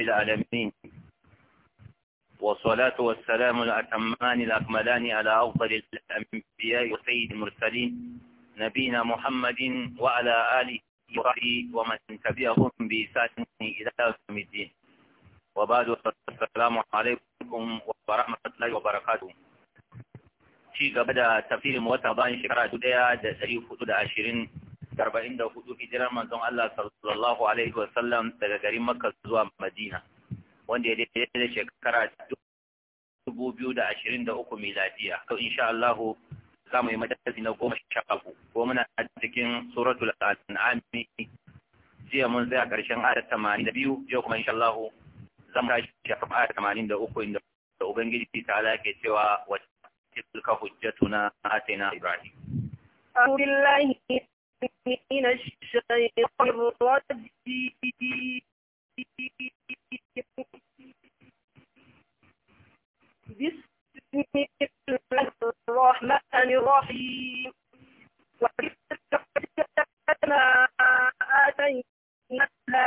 العالمين والصلاة والسلام الأتمان الأكملان على أفضل الأنبياء وسيد المرسلين نبينا محمد وعلى آله وصحبه ومن تبعهم بإحسان إلى يوم الدين وبعد السلام عليكم ورحمة الله وبركاته شيء قبل تفسير موتى بان شكرا تدعى دسريف تدعى شيرين arba'in da hudu manzon Allah sallallahu alaihi daga garin Makka zuwa Madina wanda ya daidai da shekara dubu biyu da ashirin da uku miladiya. To insha Allah za mu yi na goma sha uku ko muna cikin suratul jiya mun zai a tamanin da biyu yau kuma insha Allah za mu tashi tamanin da uku inda Ubangiji ta ala ke cewa tilka hujjatuna atina Ibrahim. أعوذ بالله من الشيطان الرجيم بسم الله الرحمن الرحيم وكما آتينا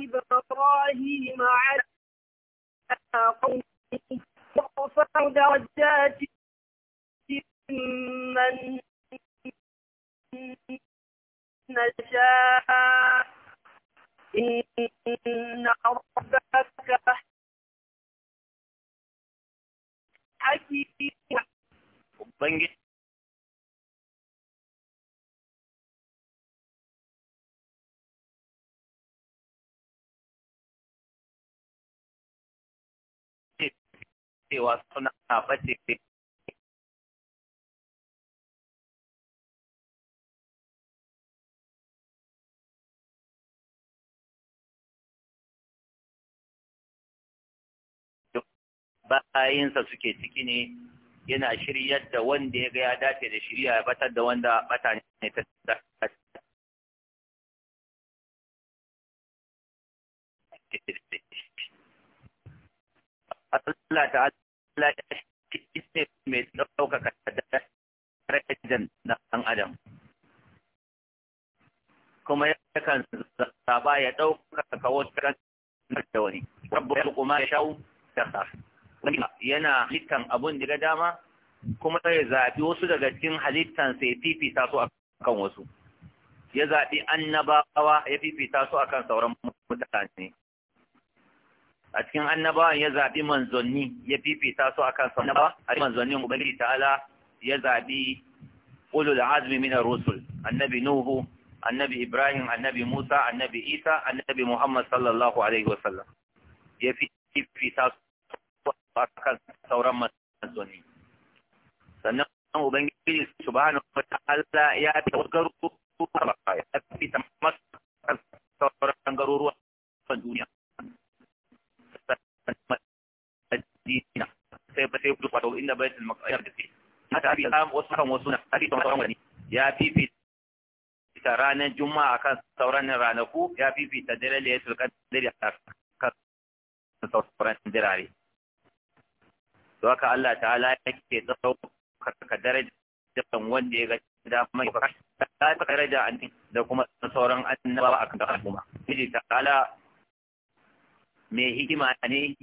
إبراهيم على قومه وارفع درجات من نشاء إن ربك حكيم cewa suna bace bayinsa suke ciki ne yana shiryar da wanda ya ga ya dace da shirya ya batar da wanda bata ne ta dace Allah ta'ala ya shi ne mai ɗaukaka na ɗan adam kuma yakan zaba ya ɗaukaka wata ran da wani Rabbu ya kuma ya sha'u da sa yana halittan abun daga dama kuma ya zaɓi wasu daga cikin halittan sai fifita su akan wasu ya zaɓi annabawa ya fifita su akan sauran mutane a cikin Annabawa ya zaɓi manzanni ya fifita su akan sauran annabawa a manzannin ubangiji ta'ala ya zaɓi ulul azmi min ar-rusul annabi nuhu annabi ibrahim annabi musa annabi isa annabi muhammad sallallahu alaihi wasallam ya fifita su akan sauran manzanni sannan ubangiji subhanahu wa ya ta ya fita masa sauran garuruwan duniya Madina sai ba sai duk wato inda baitul maqdis da ke wasu kan wasu na ta sauran wani ya ranar juma'a kan sauran ranaku ya fifita dare da ya sulka dare a kan sauran dirare to haka Allah ta'ala yake daraja darajar wanda ya ga da ya ta daraja an da kuma sauran annabawa akan kan al'umma miji ta'ala mai hikima ne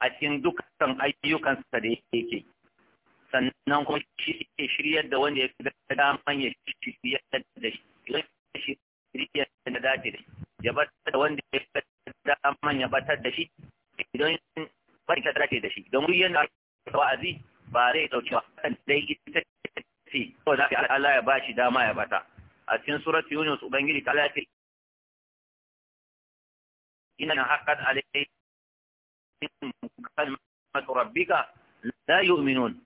a cikin dukkan ayyukansa da yake sannan kuma shi ke shiryar da wanda ya ga man ya shiryar da shi shiryar da dace da ya bata da wanda ya ga dama ya batar da shi idan پریشا ترکی دشی دمویان وازی بارے تو چا دیتی تو دا اللہ یا باشی دا ما یا بتا اتین سورۃ یونس وبنگلی کلاتی ان حقت علی کلمۃ ربک لا یؤمنون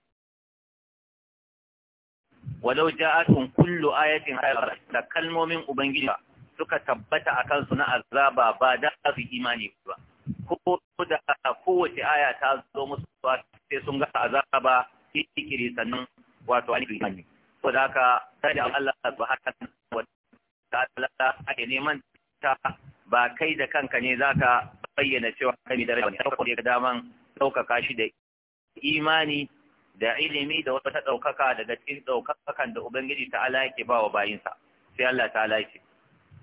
ولو جاءتهم كل آية غيرت لكلمهم أبنجيها سكتبت أكل سنة الزابة بعد في إيمانه ko da kowace aya ta zo musu ba sai sun ga azaba kikiri sannan wato an yi imani ko da haka sai da Allah Ta wa a ake neman ta ba kai da kanka ne za ka bayyana cewa kami da rabi ko da daman ɗaukaka shi da imani da ilimi da wata ɗaukaka daga cikin ɗaukakan da ubangiji ala yake ba wa bayinsa sai Allah ta ala yake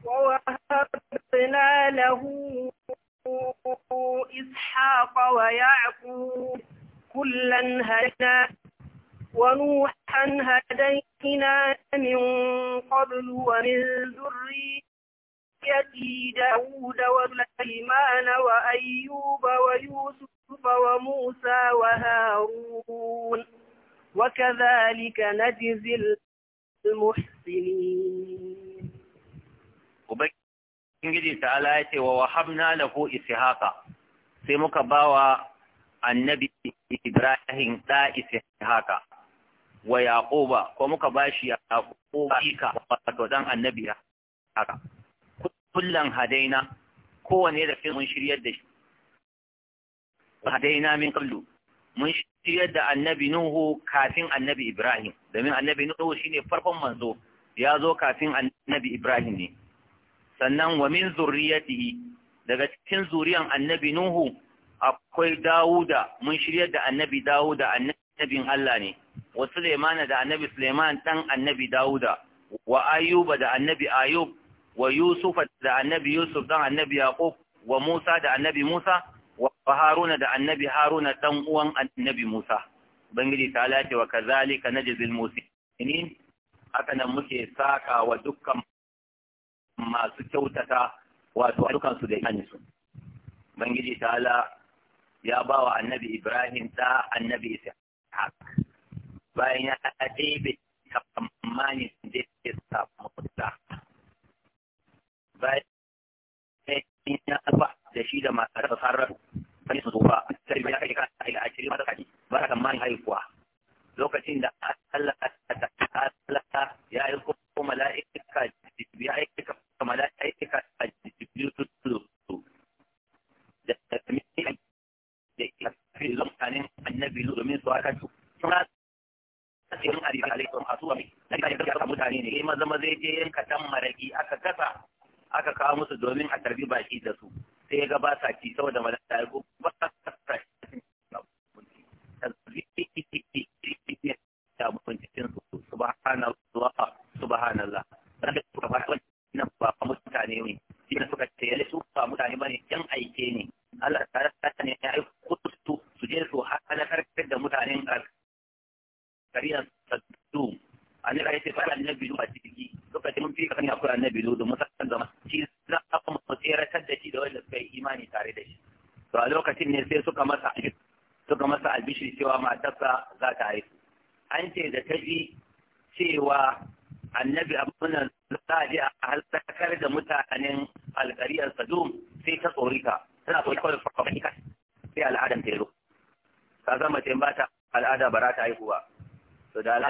wa wahabna lahu إسحاق ويعقوب كلا هدينا ونوحا هدينا من قبل ومن ذريته داود وسليمان وأيوب ويوسف وموسى وهارون وكذلك نجزي المحسنين Ubangiji ta'ala ya ce wa wahabna lahu ishaqa sai muka bawa annabi Ibrahim da ishaqa wa yaquba ko muka bashi yaquba ika wato dan annabi haka kullan hadaina kowane da mun shiryar da shi hadaina min qablu mun shiryar da annabi Nuhu kafin annabi Ibrahim domin annabi Nuhu shine farkon manzo ya zo kafin annabi Ibrahim ne sannan wa min zurriyatihi daga cikin zuriyan annabi nuhu akwai dawuda mun shiryar da annabi dawuda annabin Allah ne wa sulaimana da annabi sulaiman dan annabi dawuda wa ayuba da annabi ayub wa yusufa da annabi yusuf dan annabi yaqub wa musa da annabi musa wa haruna da annabi haruna dan uwan annabi musa bangiji ta lati wa kazalika najzil musinin haka nan muke saka wa dukkan masu kyautata wato ayyukansu da imaninsu bangiji ta'ala ya ba wa annabi ibrahim ta annabi ishaq bayan ya ɗebe tamanin da ya samu ta bayan ya ba da shi da masu sarrafa kan su zuwa sai ya kai ka a cikin matakaci ba ta tamanin haihuwa lokacin da Allah ta'ala ya yi kuma mala'ika ya kuma mala'ika a jibiru da tafiya da fi lokacin annabi domin su haka su suna cikin arziki alaikon asuwa mai na gida ya mutane ne ya zama zai je yanka dan maraki aka kasa aka kawo musu domin a tarbi baki da su sai ya gaba sa ci saboda kuma ba sa ci da abin cikin su subhanallah subhanallah dan da suka fara wannan ba mutane ne shi ne suka ce yalle su ba mutane bane yan aike ne Allah ta ta ne ya aiko su su je su halakar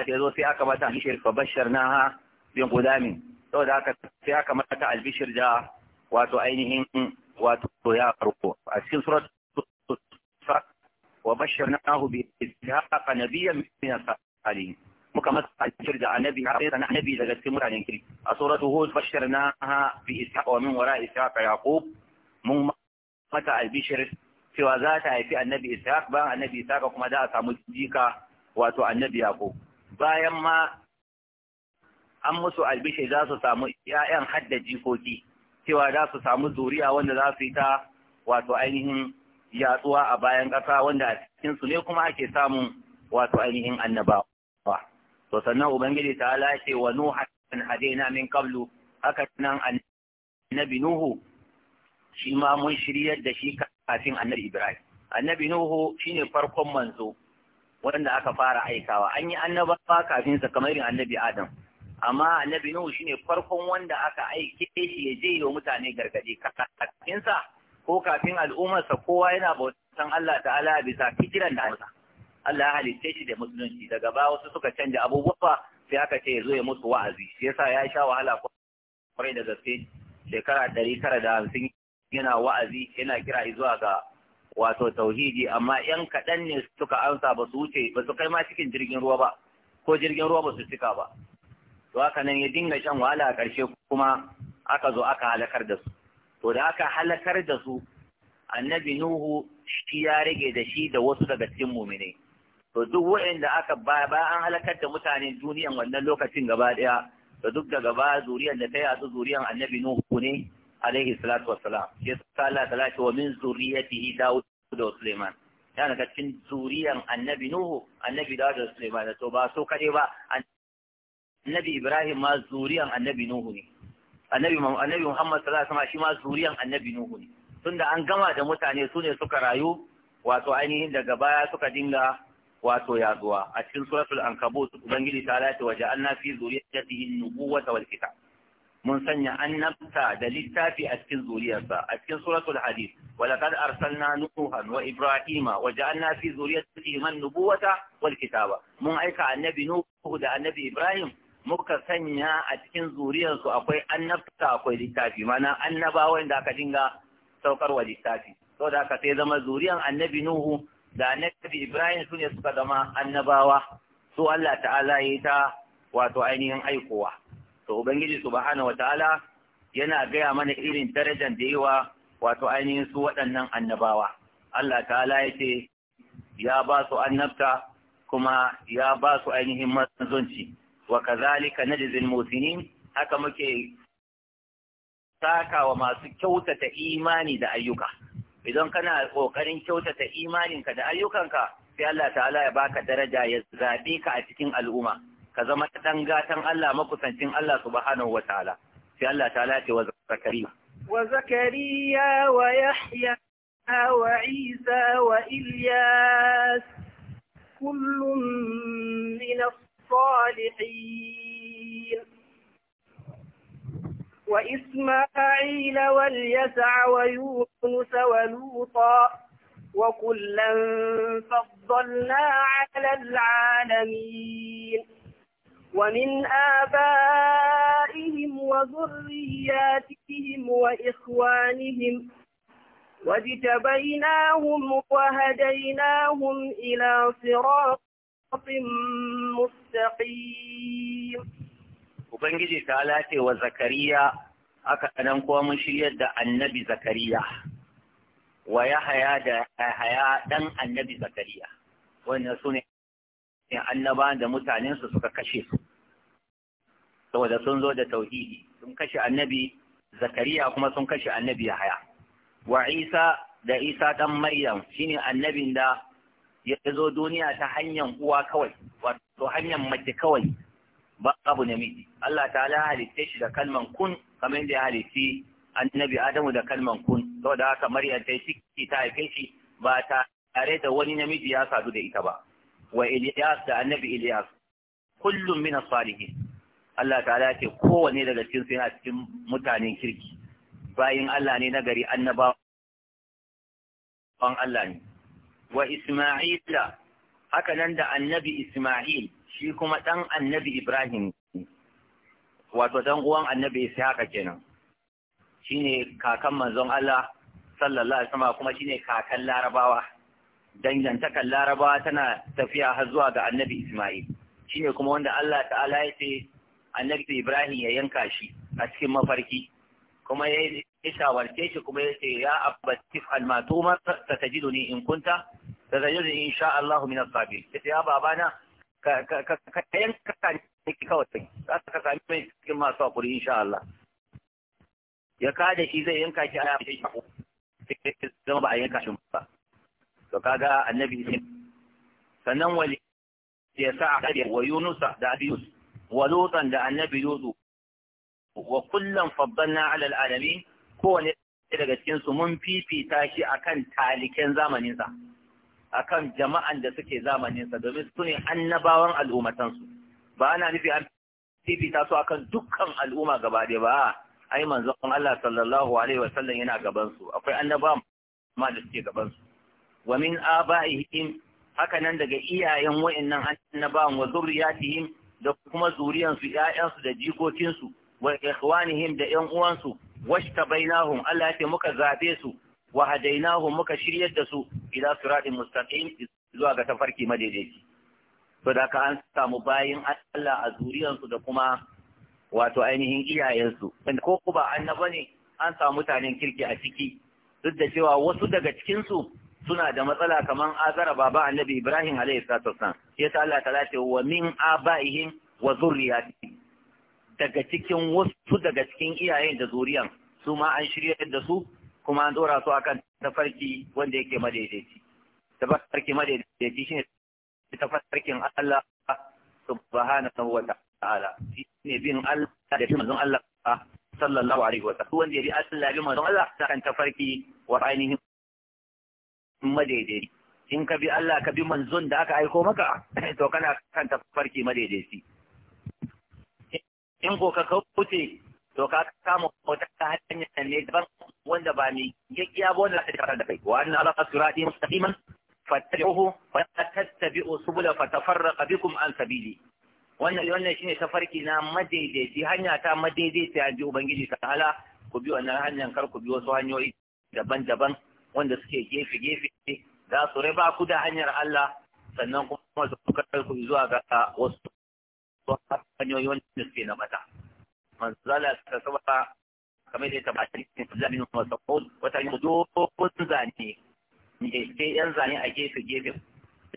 ta zo sai aka mata albishir fa na ha bin gudamin saboda haka sai aka mata albishir da wato ainihin wato ya farko, a cikin surat wa na basharnahu bi ishaqa nabiyyan min as-salihin muka masa albishir da annabi har sai annabi daga cikin mutanen kiri a suratu hud basharnaha bi ishaqa wa min wara ishaqa yaqub mun mata albishir cewa za ta haifi annabi ishaq ba annabi ishaq kuma za a samu jika wato annabi yaqub bayan ma an musu albishe za su samu ‘ya'yan hadda jikoki cewa za su samu zuriya wanda za su yi ta wato ainihin yatsuwa a bayan ƙasa wanda a cikinsu ne kuma ake samun wato ainihin annabawa. To sannan Ubangiji ta lashe wa Nuhu an na min kablu haka nan annabi Nuhu shi ma mun shiryar da shi kafin annabi Ibrahim. Annabi Nuhu shine farkon manzo Wanda aka fara aikawa an yi annabawa kafin sa kamar annabi adam amma annabi nuhu shine farkon wanda aka aike shi ya je yi mutane gargadi kafin sa ko kafin al'ummarsa kowa yana bautan Allah ta'ala bisa fikiran da Allah Allah ya halitta shi da musulunci daga ba wasu suka canja abubuwa sai aka ce ya zo ya mutu wa'azi shi yasa ya sha wahala kwarai da gaske shekara ɗari da hamsin yana wa'azi yana kira zuwa ga wato tauhidi amma yan kaɗan ne suka amsa ba su wuce ba su kai ma cikin jirgin ruwa ba ko jirgin ruwa ba su cika ba to haka nan ya dinga shan wahala a ƙarshe kuma aka zo aka halakar da su to da aka halakar da su annabi nuhu shi ya rage da shi da wasu daga cikin mumine to duk wayanda aka ba an halakar da mutanen duniyan wannan lokacin gaba ɗaya da duk daga ba zuriyan da ta yi a zuriyan annabi nuhu ne عليه salatu والسلام ya الله تعالى ومن ذريته wa min zuriyatihi Dawud da النبي ya النبي cikin zuriyan annabi Nuhu annabi Dawud da Sulaiman to ba so النبي ba annabi Ibrahim ma zuriyan annabi Nuhu ne annabi Muhammad sallallahu alaihi shi ne tunda an gama da mutane su ne suka rayu wato ainihin daga baya suka dinga wato yaduwa a cikin suratul ankabut ubangiji ta lati wa fi zuriyatihi an-nubuwata wal kitab mun sanya annabta da littafi a cikin zuriyarsa a cikin suratul hadid walaqad arsalna nuhan wa ibrahima wa ja'alna fi zuriyatihim an-nubuwata wal kitaba mun aika annabi nuhu da annabi ibrahim muka sanya a cikin zuriyarsu akwai annabta akwai littafi mana annabawan da aka dinga saukarwa littafi saboda aka sai zama zuriyar annabi nuhu da annabi ibrahim sune suka zama annabawa su Allah ta'ala yayi ta wato ainihin aikowa to ubangiji subhanahu ta'ala, yana gaya mana irin darajar da yawa wato ainihin su waɗannan annabawa Allah ta'ala ya ce ya ba su annabta kuma ya ba su ainihin manzonci wa na najzil musinin haka muke saka wa masu kyautata imani da ayyuka idan kana kokarin kyautata imaninka da ayyukanka sai Allah ta'ala ya baka daraja ya zabe ka a cikin al'umma ka zama dan gatan Allah makusancin Allah subhanahu wa ta'ala sai Allah ta lati wa zakariya wa zakariya wa yahya wa isa wa ilyas kullum min as-salihin wa isma'ila wal yas'a wa yunus wa luta وكلا فضلنا على العالمين ومن آبائهم وذرياتهم وإخوانهم واجتبيناهم وهديناهم إلى صراط مستقيم Ubangiji ta lafe wa Zakariya aka nan kuma mun da annabi Zakariya wa Yahaya da ɗan annabi Zakariya wannan su ne in Annaba da mutanensu suka kashe su saboda sun zo da tauhidi sun kashe annabi zakariya kuma sun kashe annabi yahaya wa isa da isa dan maryam shine annabin da ya zo duniya ta hanyar uwa kawai wato hanyar mace kawai ba abu namiji Allah ta'ala halitta shi da kalman kun kamar da ya halitti annabi adamu da kalman kun saboda haka maryam ta yi ciki ta haife shi ba tare da wani namiji ya sadu da ita ba wa Ilyas da annabi Ilyas kullum min as-salihin Allah ta'ala ce kowanne daga cikin su yana cikin mutanen kirki bayin Allah ne nagari annabawan Allah ne wa Isma'ila haka nan da annabi Isma'il shi kuma dan annabi Ibrahim wato dan uwan annabi Ishaqa kenan shine kakan manzon Allah sallallahu alaihi wasallam kuma shine kakan Larabawa dangantakan laraba tana tafiya har zuwa ga annabi Ismail ne kuma wanda Allah ta'ala ya ce annabi Ibrahim ya yanka shi a cikin mafarki kuma ya shawarce shi kuma ya ce ya abbasif almatumar satajiduni in kunta da in sha Allah min as ya ce ya babana ka ka ka yanka ne kawai za ka sami mai cikin masu hakuri insha Allah ya kada shi zai yanka shi a yafi shi a zama ba a yanka shi ba to kaga annabi isim sannan wali ya sa a wa yunus da abi wa lutan da annabi lutu wa kullum faddalna alal alamin kowane daga cikin su mun fifita shi akan taliken zamaninsa akan jama'an da suke zamaninsa domin su ne annabawan al'ummatansu ba ana nufi an fifita su akan dukkan al'umma gaba ɗaya ba ai manzon Allah sallallahu alaihi wasallam yana gaban su akwai annabawan ma da suke gaban su wa min aba'ihim haka nan daga iyayen wa'annan annabawan wa zurriyatihim da kuma zuriyansu su da jikokinsu wa ikhwanihim da ƴan uwansu washtabainahum Allah ya muka zabe su wa hadainahum muka shiryar da su ila siratin mustaqim zuwa ga tafarki madaidaici to da ka an samu bayin Allah a su da kuma wato ainihin iyayensu su? ko ba annaba ne an samu mutanen kirki a ciki duk da cewa wasu daga cikinsu suna da matsala kaman azara baba annabi Ibrahim alaihi salatu wassalam Ya ta Allah ta ce wa min abaihim wa zurriyati daga cikin wasu daga cikin iyayen da zuriyan su ma an shirya da su kuma an dora su akan tafarki wanda yake madaidaici tafarki madaidaici shine tafarkin Allah subhanahu wa ta'ala shine bin Allah da bin manzon Allah sallallahu alaihi wa sallam wanda ya bi Allah bi manzon Allah kan tafarki wa ainihin madaidaici in ka bi Allah ka bi manzon da aka aiko maka to kana kan tafarki madaidaici in ko ka kauce to ka kama wata hanyar ne daban wanda ba mai gaggiya ba wanda ta tare da kai wa anna ala sirati mustaqiman fattabi'uhu wa la tattabi'u subula fatafarraqa bikum an sabili wannan wannan shine tafarki na madaidaici hanya ta madaidaita ji ubangiji ta ala ku bi wannan hanyar kar ku bi wasu hanyoyi daban-daban wanda suke gefe gefe za su raba ku da hanyar Allah sannan kuma su kai ku zuwa ga wasu hanyoyi wanda suke na mata manzala ta saba kamar da ta ba ta cikin zamin masahud wata yi dogon zane ne sai yan zane a gefe gefe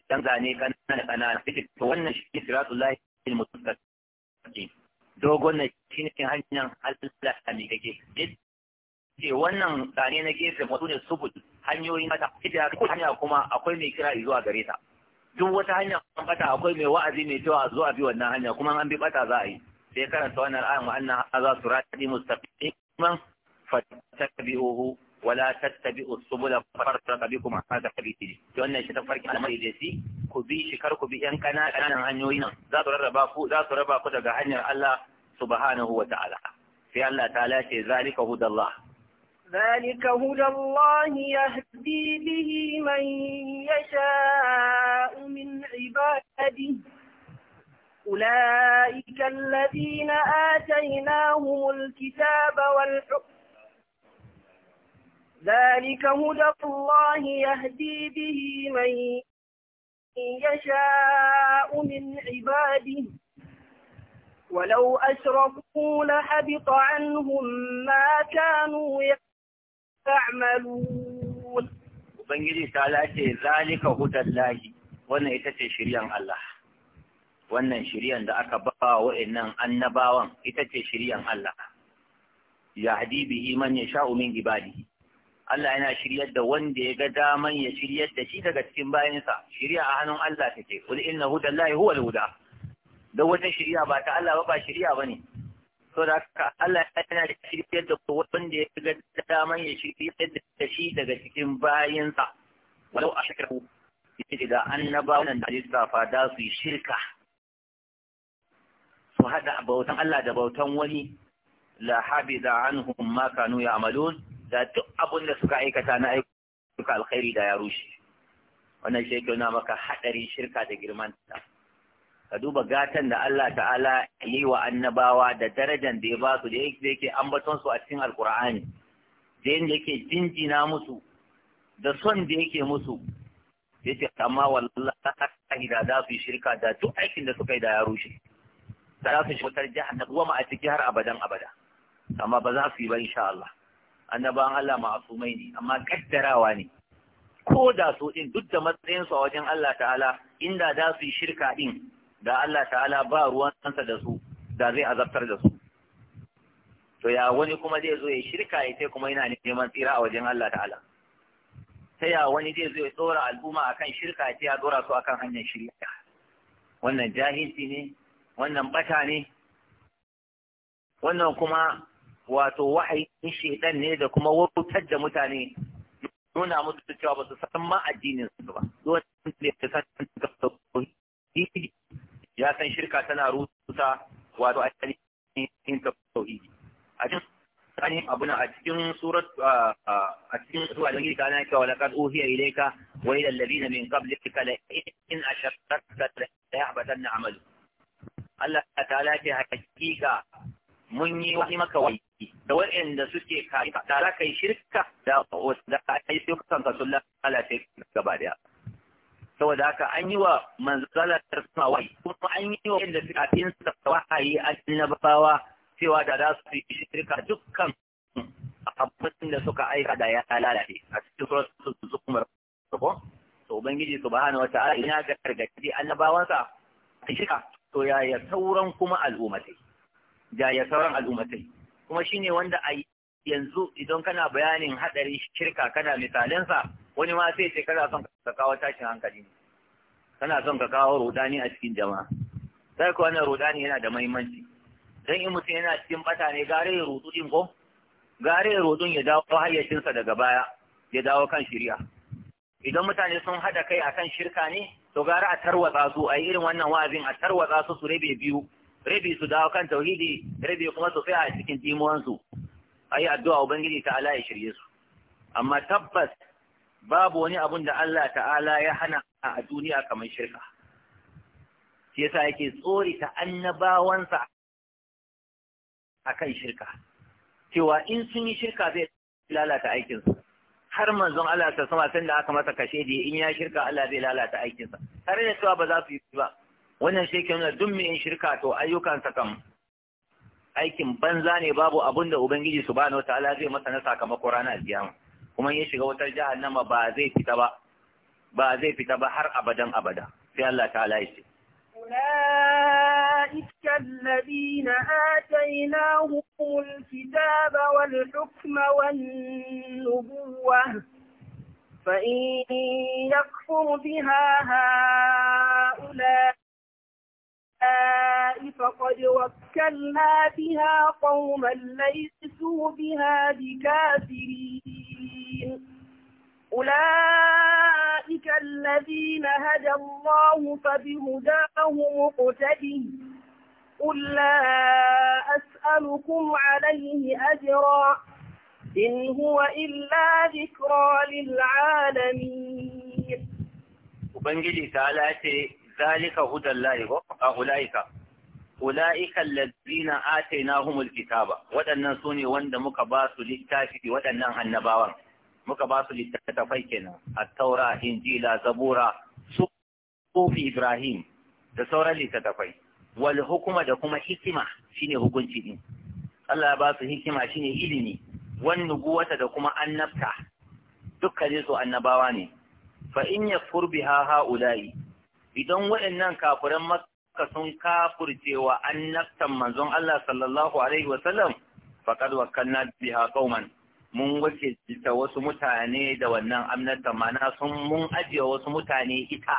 yan zane kanana kanana take to wannan shi ne siratullahi al-mustaqim dogon na ne hanyar Allah ne ke. ce wannan tsane na gefe wasu ne subul hanyoyin mata ita ko hanya kuma akwai mai kira zuwa gare ta duk wata hanya an bata akwai mai wa'azi mai cewa zo a bi wannan hanya kuma an bi bata za a yi sai karanta wannan ayan wa anna hadha sirati mustaqiman fattabi'uhu wa la tattabi'u subula fafarraqa bikum an sabili to wannan shi ta farki almai da shi, ku bi shi kar ku bi yan kananan hanyoyin za su rarraba ku za su raba ku daga hanyar Allah subhanahu wa ta'ala sai Allah ta lace zalika hudallah ذلك هدى الله يهدي به من يشاء من عباده أولئك الذين آتيناهم الكتاب والحكم ذلك هدى الله يهدي به من يشاء من عباده ولو أشركوا لحبط عنهم ما كانوا يعلمون ta'malun ubangiji ta lace zalika lahi. wannan ita ce shiryan Allah wannan shiryan da aka ba wa'annan annabawan ita ce shiryan Allah yahdi bihi man yasha'u min ibadi. Allah yana shiryar da wanda ya ga daman ya shiryar da shi daga cikin bayansa shirya a hannun Allah take kul inna hudallahi huwal huda da wata shirya ba ta Allah ba ba shirya bane so da haka Allah ya yana da shiryar da wanda ya ga daman ya shiryar da shi daga cikin bayansa walau a Ya ce da annabawan nan da lissafa da su yi shirka su haɗa bautan Allah da bautan wani la da an ma kanu ya'malun da duk abin da suka aikata na ayyuka alkhairi da ya rushe wannan shekaru na maka haɗari shirka da girman ta ka duba gatan da Allah ta'ala yi wa annabawa da darajan da ya ba su da yake ambaton su a cikin alkur'ani da yadda yake jinjina musu da son da yake musu ya ce amma wallahi da za su yi shirka da duk aikin da suka yi da ya rushe da za su shi wutar na wama a ciki har abadan abada amma ba za su yi ba insha Allah annabawan Allah ma'asumai ne amma kaddarawa ne ko da su din duk da matsayinsu a wajen Allah ta'ala inda za su yi shirka din da Allah ta'ala ba ruwan sansa da su da zai azabtar da su to ya wani kuma zai zo ya shirka ya ce kuma yana neman tsira a wajen Allah ta'ala ta ya wani zai zo ya tsora al'umma akan shirka ya ce ya tsora su akan hanyar shirya wannan jahilci ne wannan bata ne wannan kuma wato wahayin shedan ne da kuma wautar da mutane nuna musu cewa ba su san ma addinin su ba dole ne ta san tauhidi ya san shirka tana rusa wato a cikin tauhidi a cikin tsani abuna a cikin surat a cikin zuwa da gika na cewa laqad uhiya ilayka wai ila alladhina min qablika da in yi la yahbatanna amalu Allah ta'ala ce hakika mun yi wani maka wani da waɗanda suke kai da za ka shirka da wasu da a yi sukan ka sun lalace gaba daya saboda haka an yi wa manzalar sawai kuma an yi wa yadda kafin sa wahayi annabawa cewa da za su yi shirka dukkan abin da suka aika da ya lalace a cikin suratul zumar ko to ubangiji subhanahu wata'ala in ya ga gargadi annabawansa a shirka to ya ya sauran kuma al'ummatai ya ya sauran al'ummatai kuma shine wanda a yanzu idan kana bayanin hadarin shirka kana misalinsa wani ma sai ce kana son ka kawo tashin hankali kana son ka kawo rudani a cikin jama'a sai ko wannan rudani yana da muhimmanci dan in mutum yana cikin bata ne gare ya rudu din ko gare ya rudun ya dawo hayyacinsa daga baya ya dawo kan shari'a idan mutane sun hada kai akan shirka ne to gare a tarwatsa su a irin wannan wa'azin a tarwatsa su su rabe biyu rabi su dawo kan tauhidi rabi kuma su tsaya a cikin dimuwan a yi addu'a ubangiji ta ala ya shirye su amma tabbas babu wani abun da Allah ta'ala ya hana a duniya kamar shirka shi yasa yake tsori ta annabawansa akan shirka cewa in sun yi shirka zai lalata aikinsa. har manzon Allah ta sama sanda aka masa kashe da in ya shirka Allah zai lalata aikinsa tare da cewa ba za su yi ba wannan shi ke nuna duk mai shirka to ayyukansa kam aikin banza ne babu abun da ubangiji subhanahu wataala zai masa na sakamako ranar alkiyama kuma ya shiga wutar jahannama ba zai fita ba ba zai fita ba har abadan abada sai Allah ta'ala ya ce أولئك الذين آتيناهم الكتاب والحكم والنبوة فإن يكفر بها هؤلاء فقد وكلنا بها قوما ليسوا بها بكافرين الذين أولئك الذين هدى الله فبهداه مقتدي قل لا أسألكم عليه أجرا إن هو إلا ذكرى للعالمين وبنجلي تعالى ذلك هدى الله أولئك أولئك الذين آتيناهم الكتاب ودنا سوني وند مكباس للتاشف ودنا النباوان muka ba su littattafai kenan at-taura injila zabura sufi ibrahim da sauran littattafai wal hukuma da kuma hikima shine hukunci din Allah ya ba su hikima shine ilimi wan nubuwata da kuma annabta dukkan su annabawa ne fa in yakfur biha haula'i idan waɗannan kafiran makka sun kafurcewa annabtan manzon Allah sallallahu alaihi wasallam faqad wakkalna biha qauman mun wakilta wasu mutane da wannan amnata mana sun mun ajiye wasu mutane ita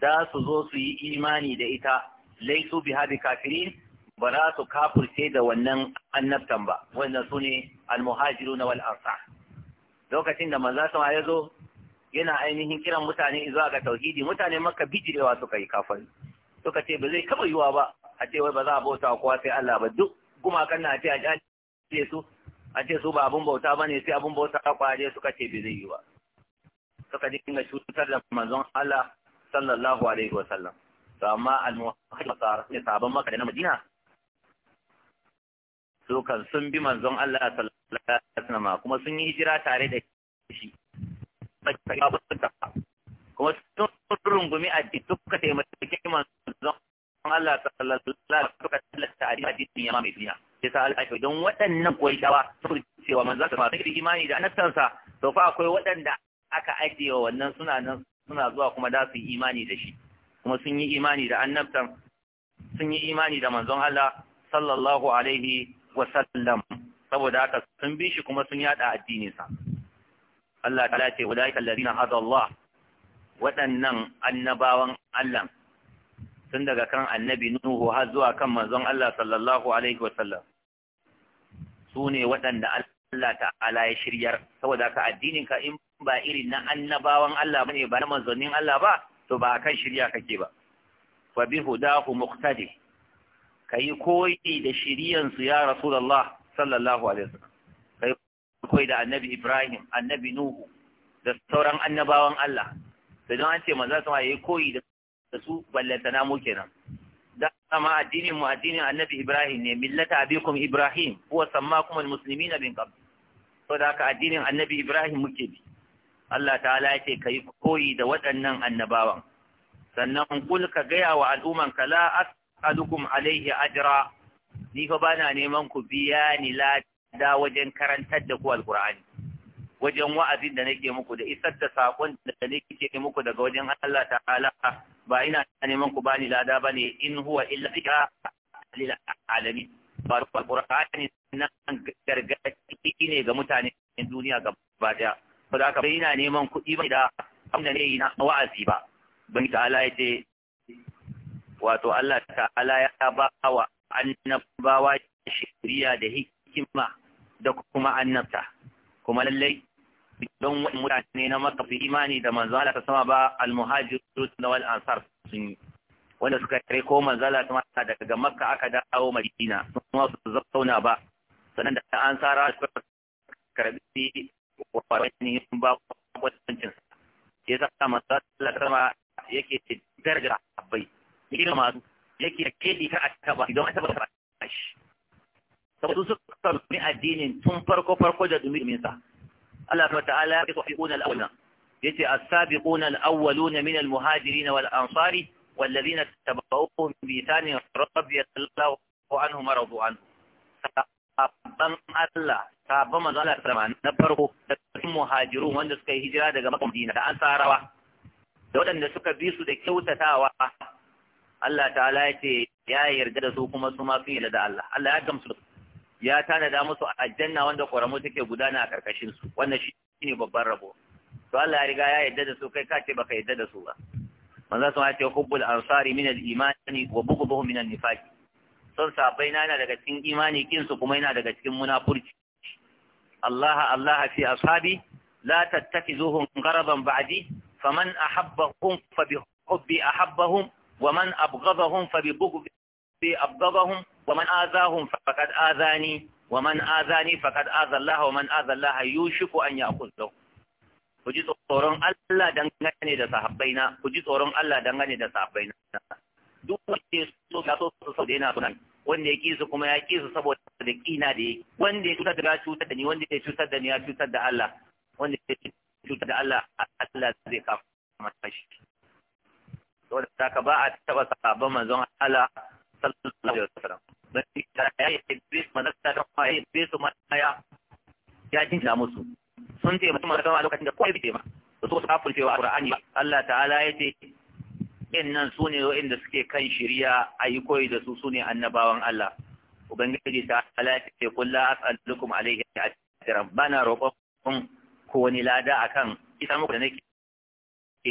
za su zo su yi imani da ita laisu bi kafirin ba za su kafirce da wannan annabtan ba wanda su ne almuhajiru na wal'arsa lokacin da manza sama ya zo yana ainihin kiran mutane zuwa ga tauhidi mutane maka bijirewa suka yi kafari suka ce ba zai kaba yiwa ba a ce wai ba za a bauta kowa sai Allah ba duk gumakan na ce a jaje su A ce su ba abun bauta ba ne sai abun bauta kwaje suka ce bi zai yi ba suka dinga cutar da manzon Allah sallallahu alaihi wasallam to amma al-muhajir sar ne saban maka da na Madina su kan sun bi manzon Allah sallallahu alaihi wasallam kuma sun yi hijira tare da shi kuma sun rungumi addini suka taimaki manzon Allah sallallahu alaihi wasallam suka tallata cikin yamma mai duniya ya sa Allah ya don waɗannan koyawa saboda cewa manzo ka fara imani da annabtansa to fa akwai waɗanda aka ajiye wannan suna nan suna zuwa kuma za su yi imani da shi kuma sun yi imani da annabtan sun yi imani da manzon Allah sallallahu alaihi wa sallam saboda haka sun bi shi kuma sun yada addininsa Allah ta ce ulaika alladhina hada Allah waɗannan annabawan Allah tun daga kan annabi Nuhu har zuwa kan manzon Allah sallallahu alaihi wa sallam su ne waɗanda Allah ta'ala ya shiryar saboda ka addinin ka in ba irin na annabawan Allah ne, ba na manzonin Allah ba to ba kan shirya kake ba fa bi hudahu muqtadi kai koyi da shiriyan su ya rasulullah sallallahu alaihi wasallam kai koyi da annabi Ibrahim annabi Nuhu da sauran annabawan Allah to don an ce manzo sama yayi koyi da su ballantana mu kenan amma addinin mu addinin annabi Ibrahim ne millata abikum Ibrahim huwa sammakum almuslimina min qabl to da ka addinin annabi Ibrahim muke bi Allah ta'ala ya ce kai koyi da waɗannan annabawan sannan kul ka gaya wa al'umman ka la as'alukum alaihi ajra ni fa bana neman ku biya ni lada wajen karantar da ku alqur'ani wajen wa'azin da nake muku da isar da sakon da nake muku daga wajen Allah ta'ala ba ina neman ku bani lada bane in huwa illa zikra lil alamin ba qur'ani nan gargadi ne ga mutane duniya gaba daya ba da ka ina neman kuɗi ba da amna ne na wa'azi ba bani ta'ala yace wato Allah ta'ala ya ba wa annabawa shiriya da hikima da kuma annabta kuma lallai don wani mutane na maka fi imani da manzala ta sama ba al almuhajiru na wal ansar sun yi wanda suka kare ko manzala ta sama daga makka aka dawo madina kuma su zauna ba Sanan da ansara suka karbi wani sun ba kwatancin ya sa manzala ta sama yake daraja abai yake masu yake kedi ka a taba idan a taba shi saboda suka rumi addinin tun farko farko da dumi dumin sa Allah ta'ala ya sabiqun al-awwaluna yace as-sabiqun al-awwaluna min al-muhajirin wal-ansari والذين تبعوهم بإثان رضي الله عنهم ورضوا عنه sabon Allah sabon manzo Allah sallama na farko da cikin muhajirun wanda suka yi hijira daga Makka Madina da Ansarawa da waɗanda suka bi su da kyautatawa Allah ta'ala ya ce ya yarda da su kuma su ma sun da Allah Allah ya gamsu da su ya tanada musu aljanna wanda ƙoramu suke gudana a ƙarƙashin su wannan shine babban rabo to Allah ya riga ya yadda da su kai ka ce baka yadda da su ba manzo sun ce hubbul ansari min al-imani wa bughduhu min an-nifaq son sabai na yana daga cikin imani kin su kuma yana daga cikin munafurci Allah Allah fi ashabi la tattakhizuhum gharaban ba'di faman ahabbahum fa bi hubbi ahabbahum wa man abghadahum fa bi bughdi abghadahum ومن آذاهم فقد آذاني ومن آذاني فقد آذى الله ومن آذى الله يوشك أن يأخذه ku ji tsoron Allah dangane da sahabbaina ku ji tsoron Allah dangane da sahabbaina duk wanda ya so ya so su saboda yana sunan wanda ya kisu kuma ya kisu saboda da kina da yake wanda ya cutar da ya cutar da ni wanda ya cutar da ni ya cutar da Allah wanda ya cutar da Allah Allah zai kafa mashi saboda ka ba a taba sahabban manzon Allah sallallahu alaihi wasallam dan ya yi iblis manasta da ce mutum da su da kawai da suke kan shiriya ayi koyi da su sune annabawan Allah ubangiji ta ta'ala ya ce kullu as'alukum alaihi ajran bana roƙon ko wani lada akan isa muku da nake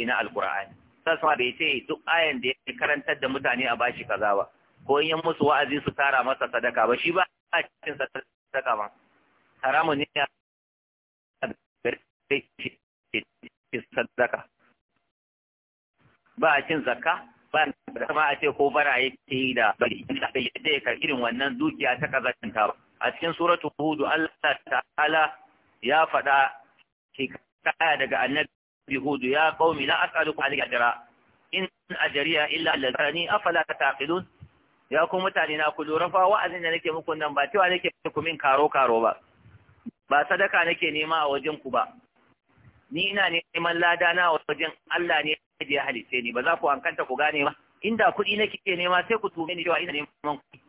na alqur'ani sai bai ce duk ayan da ya karantar da mutane a bashi kaza ba ko yin musu wa'azi su tara masa sadaka ba shi ba a cikin sadaka ba haramu ne a sadaka ba a cin zakka ba kuma a ce ko bara yake yi da bari yadda ya karɓi irin wannan dukiya ta kazanta ba a cikin suratu hudu Allah ta'ala ya faɗa kaya daga annabi hudu ya qaumi la as'alukum alayhi Jira. in ajriya illa allazani afala ta taqilun ya ku mutane na ku lura fa wa'azin da nake muku nan ba cewa nake ku min karo karo ba ba sadaka nake nema a wajen ku ba ni ina neman lada na a wajen Allah ne da ya halice ni ba za ku hankanta ku gane ba inda kuɗi nake nema sai ku tume ni cewa ina neman kuɗi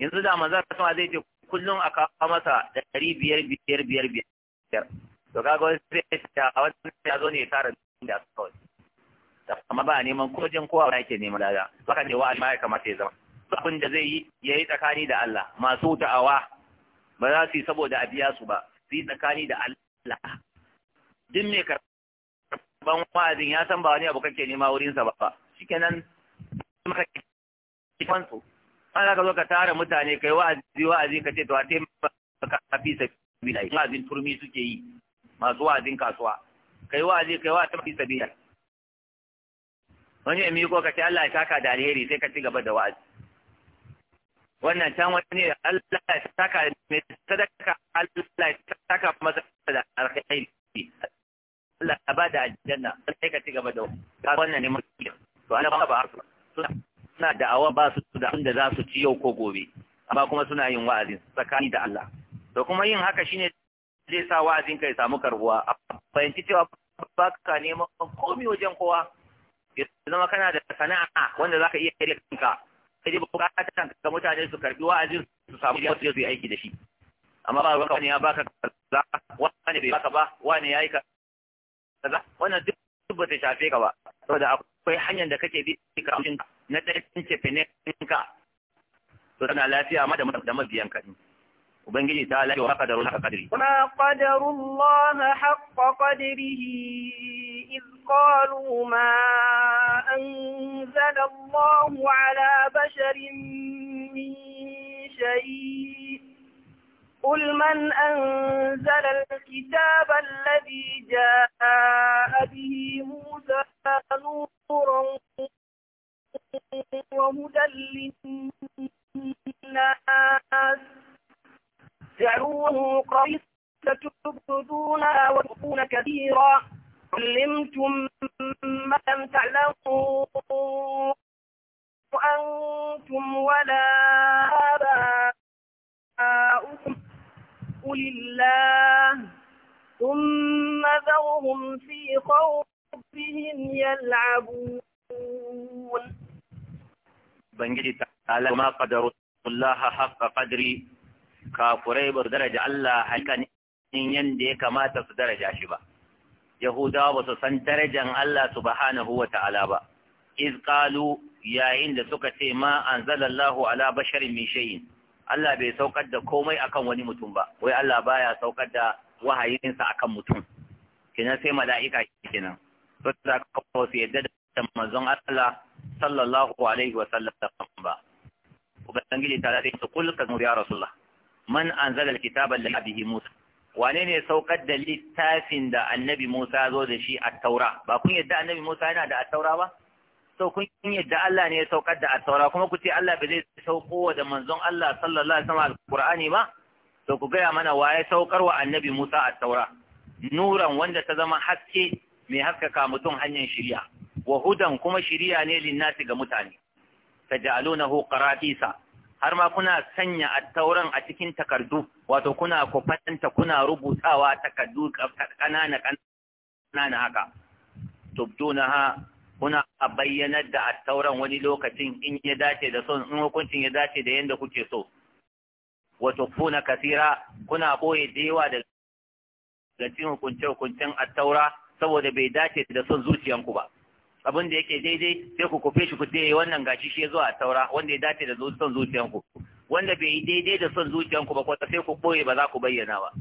yanzu da manzon sama zai ce kullum a kawo masa ɗari biyar biyar biyar biyar to kaga wani zai ta a wani ya zo ne ya tara da kawai amma ba neman kojin kowa ake neman lada haka ne wa'azi ma ya kamata ya zama abin da zai yi ya yi tsakani da Allah masu da'awa ba za su yi saboda a biya su ba su yi tsakani da Allah din mai karban wa'azin ya san ba wani abu kake nema wurinsa ba shikenan maka kifan su ana ka zo ka tara mutane kai wa'azi wa'azi ka ce to a taimaka ka fi sabila wa'azin turmi suke yi masu wa'azin kasuwa kai wa'azi kai wa'azi fi sabila wani ya miko ka ce Allah ya saka da alheri sai ka ci gaba da wa'azi wannan can wani da Allah ya saka mai sadaka Allah ya saka masa da alkhairi Allah ya bada aljanna sai ka ci gaba da wannan ne mutum to ana ba ba suna da'awa ba su da inda za su ci yau ko gobe amma kuma suna yin wa'azin tsakani da Allah to kuma yin haka shine zai sa wa'azin kai samu karbuwa a fahimci cewa ba ka neman komi wajen kowa ya zama kana da sana'a wanda za ka iya kare kanka kaje bukatan ga mutane su karbi wa'azin su samu ya su yi aiki da shi amma ba ruwanka wani ya baka kaza wani bai baka ba wani ya yi kaza wannan duk ba ta shafe ka ba saboda akwai hanyar da kake bi ka na ɗan cefe ne ka to tana lafiya ma da mabiyan ka وبنجي تعالى وقدر الله قدره وما قدر الله حق قدره إذ قالوا ما أنزل الله على بشر من شيء قل من أنزل الكتاب الذي جاء به موسى نورا وهدى للناس دعوه قريصة تبدونها وتكون كثيرا علمتم ما لم تعلموا أنتم ولا آباؤكم قل الله ثم ذرهم في خوفهم يلعبون بنجد تعالى ما قدروا الله حق قدري kafurai ba su daraja Allah hakikanin yadda ya kamata su daraja shi ba yahudawa ba su san darajan Allah su subhanahu wa ta'ala ba iz qalu yayin da suka ce ma an anzalallahu ala basharin min Allah bai saukar da komai akan wani mutum ba wai Allah baya saukar da wahayinsa akan mutum kenan sai mala'ika kenan ta kawo su yadda da manzon Allah sallallahu alaihi wa sallam ba ubangiji ta da su kullu kan ya rasulullah man anzala alkitaba alladhi Musa wane ne saukar da littafin da annabi Musa zo da shi a taura ba kun yadda annabi Musa yana da taura ba so kun yadda Allah ne ya saukar da taura kuma ku ce Allah ba zai sauko da manzon Allah sallallahu alaihi wasallam alqur'ani ba to ku gaya mana waye saukar wa annabi Musa a taura nuran wanda ta zama haske mai haskaka mutum hanyar shiriya wa hudan kuma shiriya ne linnasi ga mutane taj'alunahu qaratisa har ma kuna sanya attauran a cikin takardu wato kuna kufanta kuna rubutawa takardu kanana kanana haka ha kuna bayyanar da attauran wani lokacin in ya dace da son in hukuncin ya dace da yanda kuke so wato kuna kasira kuna boye da yawa da cikin hukunce hukuncen attaura saboda bai dace da son zuciyanku ba abin da yake daidai sai ku kufe shi ku je eh, wannan gashi shi zuwa taura wanda ya dace da son zuciyanku wanda bai yi daidai da son zuciyanku ba kwata sai ku boye ba za ku bayyana ba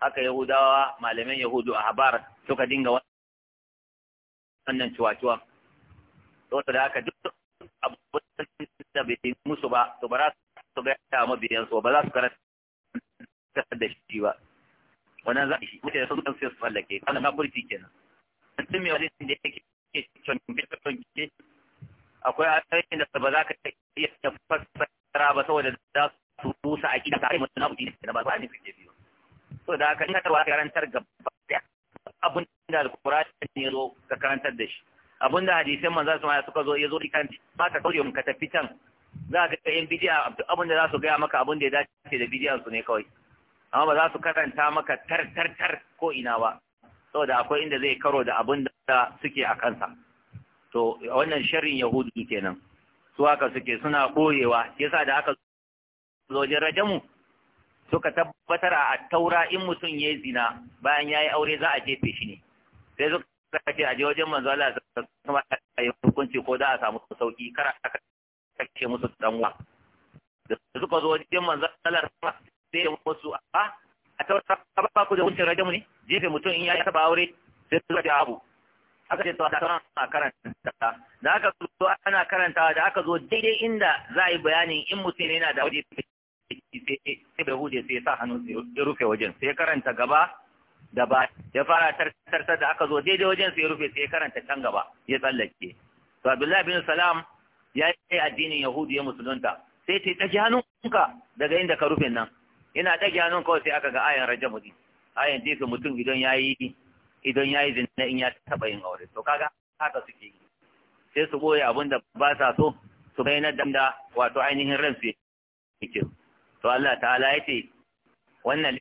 haka yahudawa malaman yahudu a habar suka dinga wannan ciwaciwa saboda haka duk abubuwan da bai yi musu ba to ba za su gaya su ba za su karanta da shi ba wannan za shi mutane sun san sai su fallake wannan na burki kenan mutum mai wajen da yake ke canke akwai ayoyin da ba za ka iya fassara ba saboda za su rusa a gida kai mutum na kuɗi da ba za su ke biyu so da haka ina tawa karantar gaba abun da alkurani ne zo ka karantar da shi abun da hadisin manzo su ma suka zo ya zo ikan ba ka kaure mun ka tafi can za ka ga yan bidiya abun da za su gaya maka abun da ya dace da bidiyan su ne kawai amma ba za su karanta maka tar tar tar ko ina ba saboda akwai inda zai karo da abun da suke a kansa to wannan sharrin yahudu kenan su aka suke suna boyewa yasa da aka zo jin rajamu suka tabbatar a taura in mutum ya yi zina bayan ya yi aure za a jefe shi ne sai suka ce a je wajen manzo Allah kuma a yi hukunci ko za a samu sauki kar a kashe musu dan da suka zo wajen manzo Allah sai ya musu a a taura ba ku da hukuncin rajamu ne jefe mutum in ya taba aure sai suka ce abu aka ce to a karanta a da aka zo ana karanta da aka zo daidai inda za a yi bayanin in mutum yana da waje sai bai hude sai ya sa hannu ya rufe wajen sai karanta gaba da ba ya fara tartar da aka zo daidai wajen sai ya rufe sai ya karanta can gaba ya tsallake to abdullahi bin salam ya yi addinin yahudu ya musulunta sai ta ɗage hannunka daga inda ka rufe nan ina ɗage hannun kawai sai aka ga ayan rajamudi ayan jefe mutum idan ya yi idan ya yi zina in ya taɓa yin aure to kaga haka suke yi. sai su boye abin da ba sa so su bayyana da wato ainihin ransu yake to Allah ta'ala ya ce wannan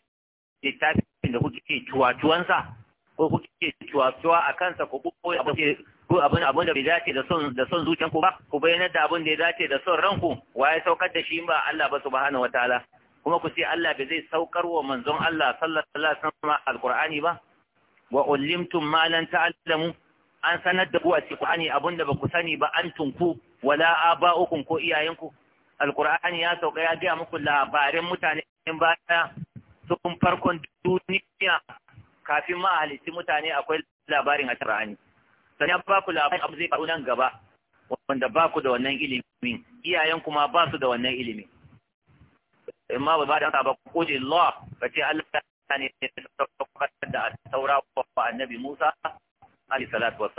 littafin da kuke cuwa-cuwansa ko kuke cuwa-cuwa a kansa ko boye abin abin da bai dace da son da son ba ku bayyana da abin da ya dace da son ranku waye saukar da shi ba Allah ba subhanahu wataala kuma ku ce Allah bai zai saukar wa manzon Allah sallallahu alaihi wasallam alqur'ani ba wa ullimtum ma lan ta'lamu an sanar da ku a cikin abinda ba ku sani ba an tunku wala aba'ukum ko iyayenku alqur'ani ya sauka ya ga muku labarin mutane in baya sun farkon duniya kafin ma halitti mutane akwai labarin a tarani sani ba ku labarin abu zai faru nan gaba wanda ba ku da wannan ilimin iyayen kuma ba su da wannan ilimin imma ba da ba ko ce Allah ba ce Allah ne saukar da taura wa annabi Musa alaihi salatu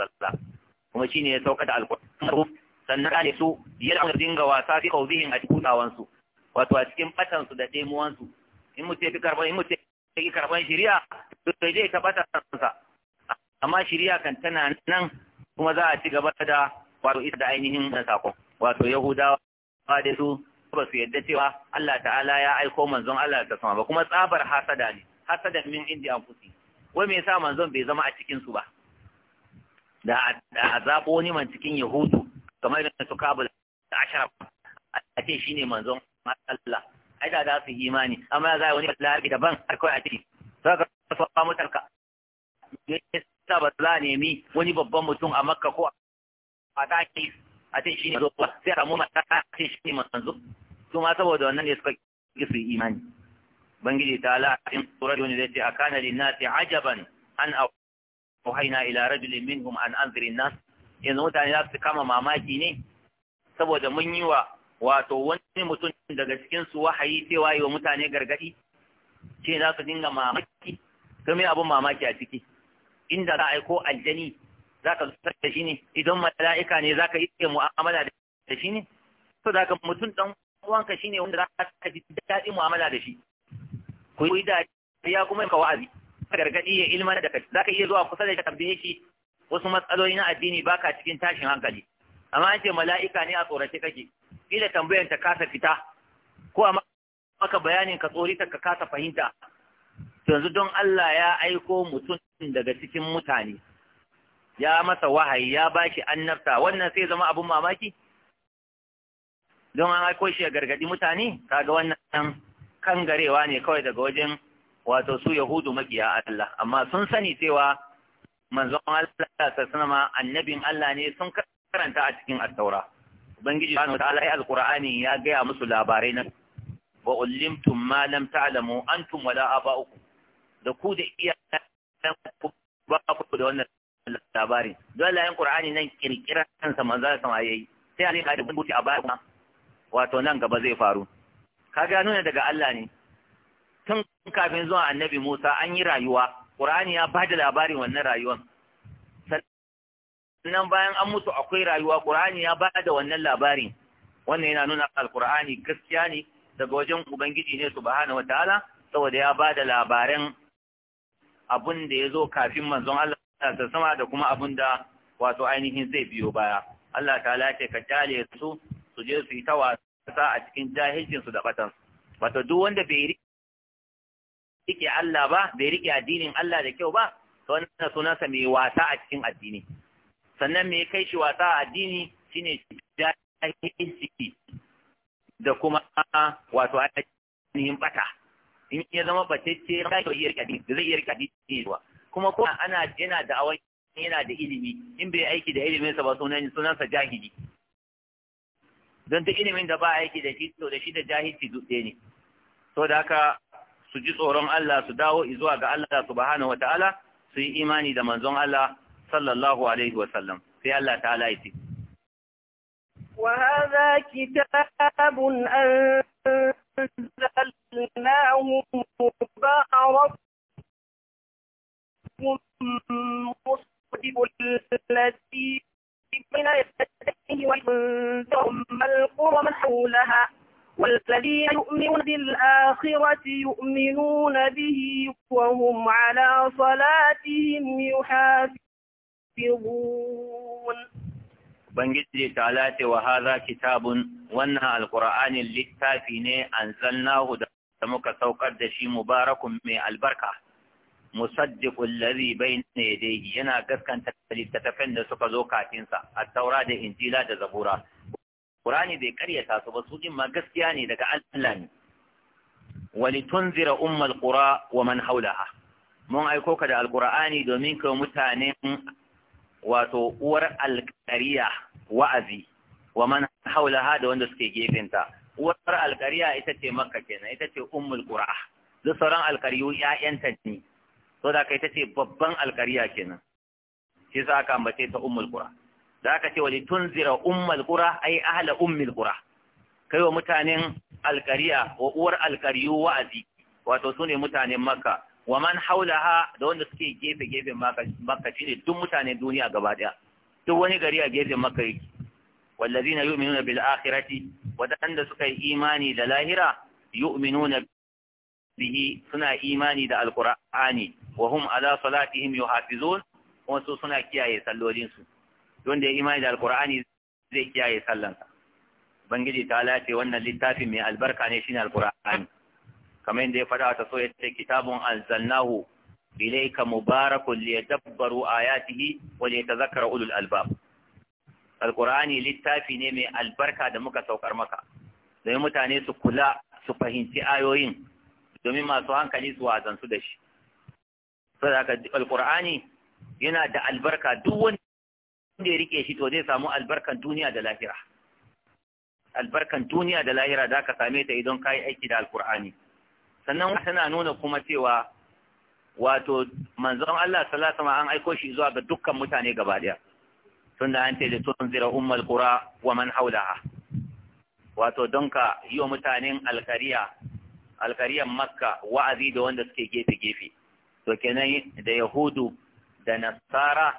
kuma ya sauka da alqur'ani sannan ne su yana dinga wasa fi qawbihin a cikin tawansu wato a cikin batan da demuwan in mutum ya fi karban in mutum ya fi karban shari'a to sai dai ta batan amma shari'a kan tana nan kuma za a ci gaba da wato ita da ainihin sakon wato yahudawa da su ba su yadda cewa Allah ta'ala ya aiko manzon Allah ta sama ba kuma tsabar hasada ne hasadan min indi anfusi wai me yasa manzon bai zama a cikin su ba da a zabo wani man cikin yahudu kamar da su kabul da ashara a ce shine manzon Allah ai da za su imani amma ya zai wani lafi daban har kai a ciki za ka fa mutarka yasa ba za nemi wani babban mutum a makka ko a taki a ce shine ba, sai a samu mata a ce shine manzon. kuma saboda wannan ne suka yi su imani bangiji ta ala a cikin tsoron wani zai ce a kana linnati ajaban an auhaina ila rajulin minhum an an-zirin nan. yanzu mutane za su kama mamaki ne saboda mun yi wa wato wani mutum daga cikin su wahayi cewa yi wa mutane gargadi ce za su dinga mamaki to me abun mamaki a ciki inda za a yi ko aljani za ka zutar da shi ne idan mala'ika ne za ka iya mu'amala da shi ne to da ka mutum dan uwanka shi ne wanda za ka ji daɗin mu'amala da shi ku yi ya kuma ka wa'azi gargadi ya ilmar da kai ka iya zuwa kusa da ka tambaye shi wasu matsaloli na addini ba ka cikin tashin hankali amma an ce mala'ika ne a tsorace kake kila tambayan ta kasa fita ko a maka bayanin ka tsorita ka kasa fahimta yanzu don Allah ya aiko mutum daga cikin mutane ya masa wahayi ya shi annabta wannan sai zama abun mamaki don an aiko shi ya gargadi mutane kaga wannan kangarewa ne kawai daga wajen wato su yahudu makiya Allah amma sun sani cewa manzon Allah sallama annabin Allah ne sun karanta a cikin at-taura ubangiji subhanahu ta'ala ai alqur'ani ya gaya musu labarai na wa ullimtum ma lam ta'lamu antum wala aba'ukum da ku da iyayen ku ba ku da wannan labarin dole ya qur'ani nan kirkiran kansa manzon sama yayi sai a ne ka da buci a baya wato nan gaba zai faru Ka kaga nuna daga Allah ne tun kafin zuwa annabi Musa an yi rayuwa Qur'ani ya bada labarin wannan rayuwar. sannan bayan an mutu akwai rayuwa Qur'ani ya bada wannan labarin wannan yana nuna al-Qur'ani gaskiya ne daga wajen ubangiji ne subhanahu wataala saboda ya bada labarin abun da yazo kafin manzon Allah ta sama da kuma abun da wato ainihin zai biyo baya Allah ta'ala ya ce ka tale su su je su yi ta sa a cikin jahilcinsu da batansu wato duk wanda bai rike Allah ba bai rike addinin Allah da kyau ba to wannan sunansa mai wasa a cikin addini sannan mai kai shi wasa a addini shine jahilci da kuma wato ainihin bata in ya zama batacce ba zai iya rike da zai iya rike addini ba kuma ko ana yana da awon yana da ilimi in bai aiki da iliminsa ba sunan sunansa jahili don duk ilimin da ba aiki da shi to da shi da jahilci dutse ne to da haka su ji tsoron Allah su dawo zuwa ga Allah subhanahu wataala su yi imani da manzon Allah sallallahu alaihi wasallam sai Allah ta'ala ya ce وهذا كتاب أنزلناه مبارك مصدب الذي بين يديه وينذر أم القرى من حولها والذين يؤمنون بالآخرة يؤمنون به وهم على صلاتهم يحافظون Ubangiji ta lati wa haza kitabun wannan alƙur'anin littafi ne an zannahu da muka saukar da shi mubarakun mai albarka musaddiqul ladhi bayna yadayhi yana gaskanta littafin da suka zo kafin sa at-taura da injila da zabura qur'ani bai karyata su ba su din ma gaskiya ne daga Allah ne walitunzira ummal qura wa man hawlaha mun aiko ka da alqur'ani domin ka mutanen wato uwar alqariya wa'azi wa man hawlaha da wanda suke gefenta uwar alqariya ita ce makka kenan ita ce ummul qura duk sauran alqariyu 'ya'yanta ne so da kai tace babban alƙarya kenan shi za aka ambace ta ummul qura da aka ce wali tunzira ummul qura ai ahla ummul qura kai wa mutanen alƙarya wa uwar alƙaryu wa'azi wato sune mutanen makka wa man haulaha da wanda suke gefe gefe makka shine duk mutanen duniya gaba daya duk wani gari a gefen makka yake wallazina yu'minuna bil akhirati wadanda suka yi imani da lahira yu'minuna bihi suna imani da alqur'ani wa hum ala salatihim yuhafizun kuma su suna kiyaye sallolin su don da imani da alqur'ani zai kiyaye sallansa bangiji ta lace wannan littafin mai albarka ne shine alqur'ani kamar yadda ya faɗa ta so ya ce kitabun anzalnahu ilayka mubarakun liyadabbaru ayatihi wa liyatadhakkara ulul albab alqur'ani littafi ne mai albarka da muka saukar maka domin mutane su kula su fahimci ayoyin domin masu hankali su wazansu da shi sadaka alkur'ani yana da albarka duk wanda ya rike shi to zai samu albarkan duniya da lahira albarkan duniya da lahira za ka same ta idan ka yi aiki da alkur'ani sannan tana nuna kuma cewa wato manzon Allah sallallahu alaihi an aiko shi zuwa ga dukkan mutane gaba daya Sunna an ce da zira ummul qura wa man haulaha wato don ka yi wa mutanen alkariya alkariyar makka wa'azi da wanda suke gefe-gefe to kenan da yahudu da nasara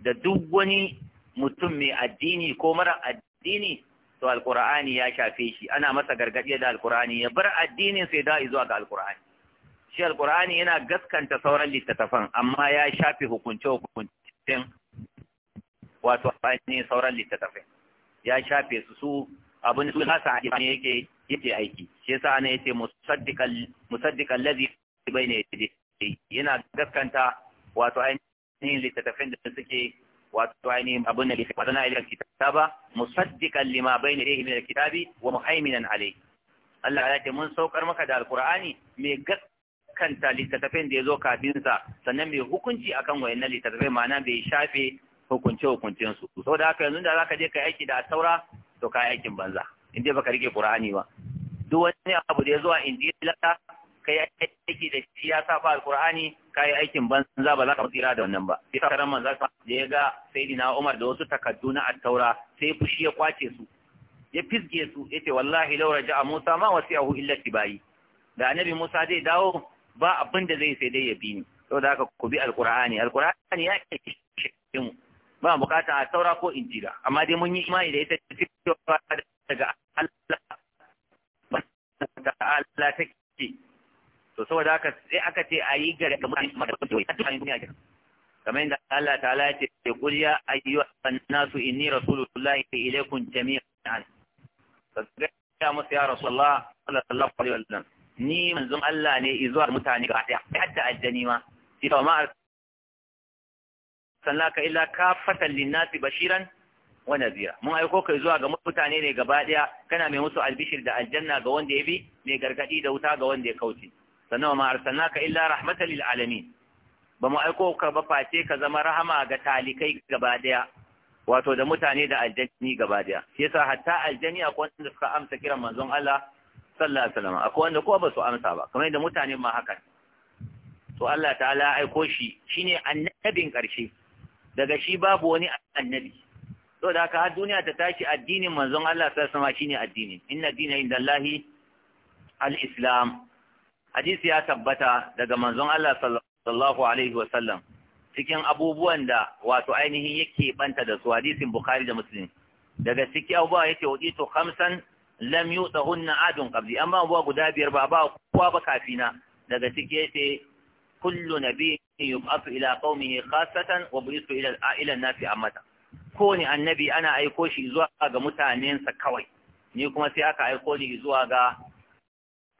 da duk wani mutum mai addini ko mara addini to alkur'ani ya shafe shi ana masa gargaɗi da alkur'ani ya bar addinin sai da zuwa ga alkur'ani shi alkur'ani yana gaskanta sauran littattafan amma ya shafe hukunce hukuncen wato sauran littattafai ya shafe su su abin su nasa a ne yake yake aiki shi yasa ne yace musaddiqal musaddiqal ladhi bayna yadihi yana gaskanta wato ainihin littattafin da suke wato ainihin abin da ke wadana ila kitaba musaddikan lima bayna yadihi min alkitabi wa muhaiminan alayhi Allah ya ce mun saukar maka da alqur'ani mai gaskanta littattafin da ya zo kafin sa sannan mai hukunci akan wayannan littattafai ma'ana bai shafe hukunce hukuncen su saboda haka yanzu da zaka je kai aiki da saura to kai aikin banza in dai baka rike qur'ani ba duk wani abu da ya zo a lata kai aiki da shi ya saba alqur'ani kayi aikin banza ba za ka tsira da wannan ba sai karan manzo da ya ga sayyidina Umar da wasu takaddu na at-taura sai fushi ya kwace su ya fisge su yace wallahi law raja'a Musa ma wasi'ahu illa tibai da annabi Musa zai dawo ba abin da zai sai dai ya bi ni saboda haka ku bi alqur'ani alqur'ani ya ke shi mu ba bukata a saura ko in injila amma dai mun yi imani da ita cewa daga Allah ta'ala take to saboda haka sai aka ce a yi gare ga mutane da kuma a cikin kamar yadda Allah ta'ala ya ce qul ya ayyuhan nasu inni rasulullahi ilaykum jami'an ya musu ya rasulullah sallallahu alaihi wasallam ni manzon Allah ne izuwa mutane ga daya hatta aljani ma shi ma sallaka illa kafatan linnasi bashiran wa nadhira mun aiko kai zuwa ga mutane ne gaba daya kana mai musu albishir da aljanna ga wanda ya bi mai gargadi da wuta ga wanda ya kauce sannan ma arsalnaka illa rahmatan lil alamin ba mu aiko ka ba face ka zama rahama ga talikai gaba daya wato da mutane da aljanni gaba daya shi yasa hatta aljani akwai wanda suka amsa kiran manzon Allah sallallahu alaihi wasallam akwai wanda ko ba su amsa ba kamar yadda mutane ma haka to Allah ta'ala aiko shi shine annabin karshe daga shi babu wani annabi to da haka har duniya ta tashi addinin manzon Allah sallallahu alaihi wasallam shine addini inna dina indallahi al-islam hadisi ya tabbata daga manzon Allah sallallahu alaihi wasallam cikin abubuwan da wato ainihin yake banta da su hadisin bukhari da muslim daga ciki abubuwa yake uditu khamsan lam yutahunna adun qabli amma abubuwa guda biyar ba ba kowa ba kafina daga ciki yace kullu nabi yub'athu ila qaumihi khassatan wa bu'ithu ila ila an-nasi ammatan kowane annabi ana aiko shi zuwa ga mutanensa kawai ni kuma sai aka aiko ni zuwa ga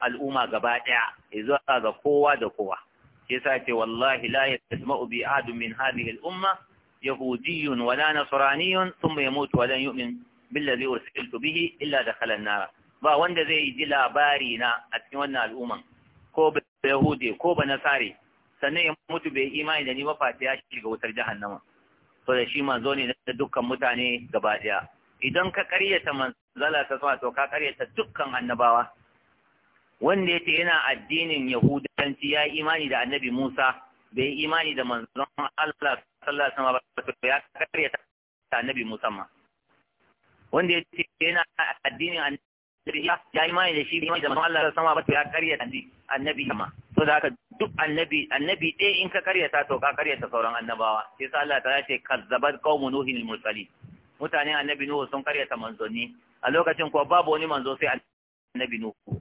al'umma gaba daya zuwa ga kowa da kowa yasa ce wallahi la yasma'u bi ahadin min hadhihi al-umma yahudiyyun wala nasraniyyun thumma yamutu wa lan yu'min billazi ursiltu bihi illa dakhala an-nar ba wanda zai yi ji labari na a cikin wannan al'umman ko ba yahudi ko ba nasari sannan ya mutu bai imani da ni ba face ya shiga wutar jahannama to da shi manzo ne da dukkan mutane gaba daya idan ka karyata manzala ta sa to ka karyata dukkan annabawa wanda yake yana addinin yahudanci ya imani da annabi Musa bai imani da manzon Allah sallallahu alaihi wasallam ba to ya karyata annabi Musa ma wanda yake yana addinin shirya ya yi mai da shi mai da Allah Allah sama ba ta ya karya annabi annabi ma to da haka duk annabi annabi dai in ka karya ta to ka karya ta sauran annabawa sai sa Allah ta ce kazzabat qaumun nuhin al-mursalin mutanen annabi nuhu sun karya ta manzonni a lokacin ko babu wani manzo sai annabi nuhu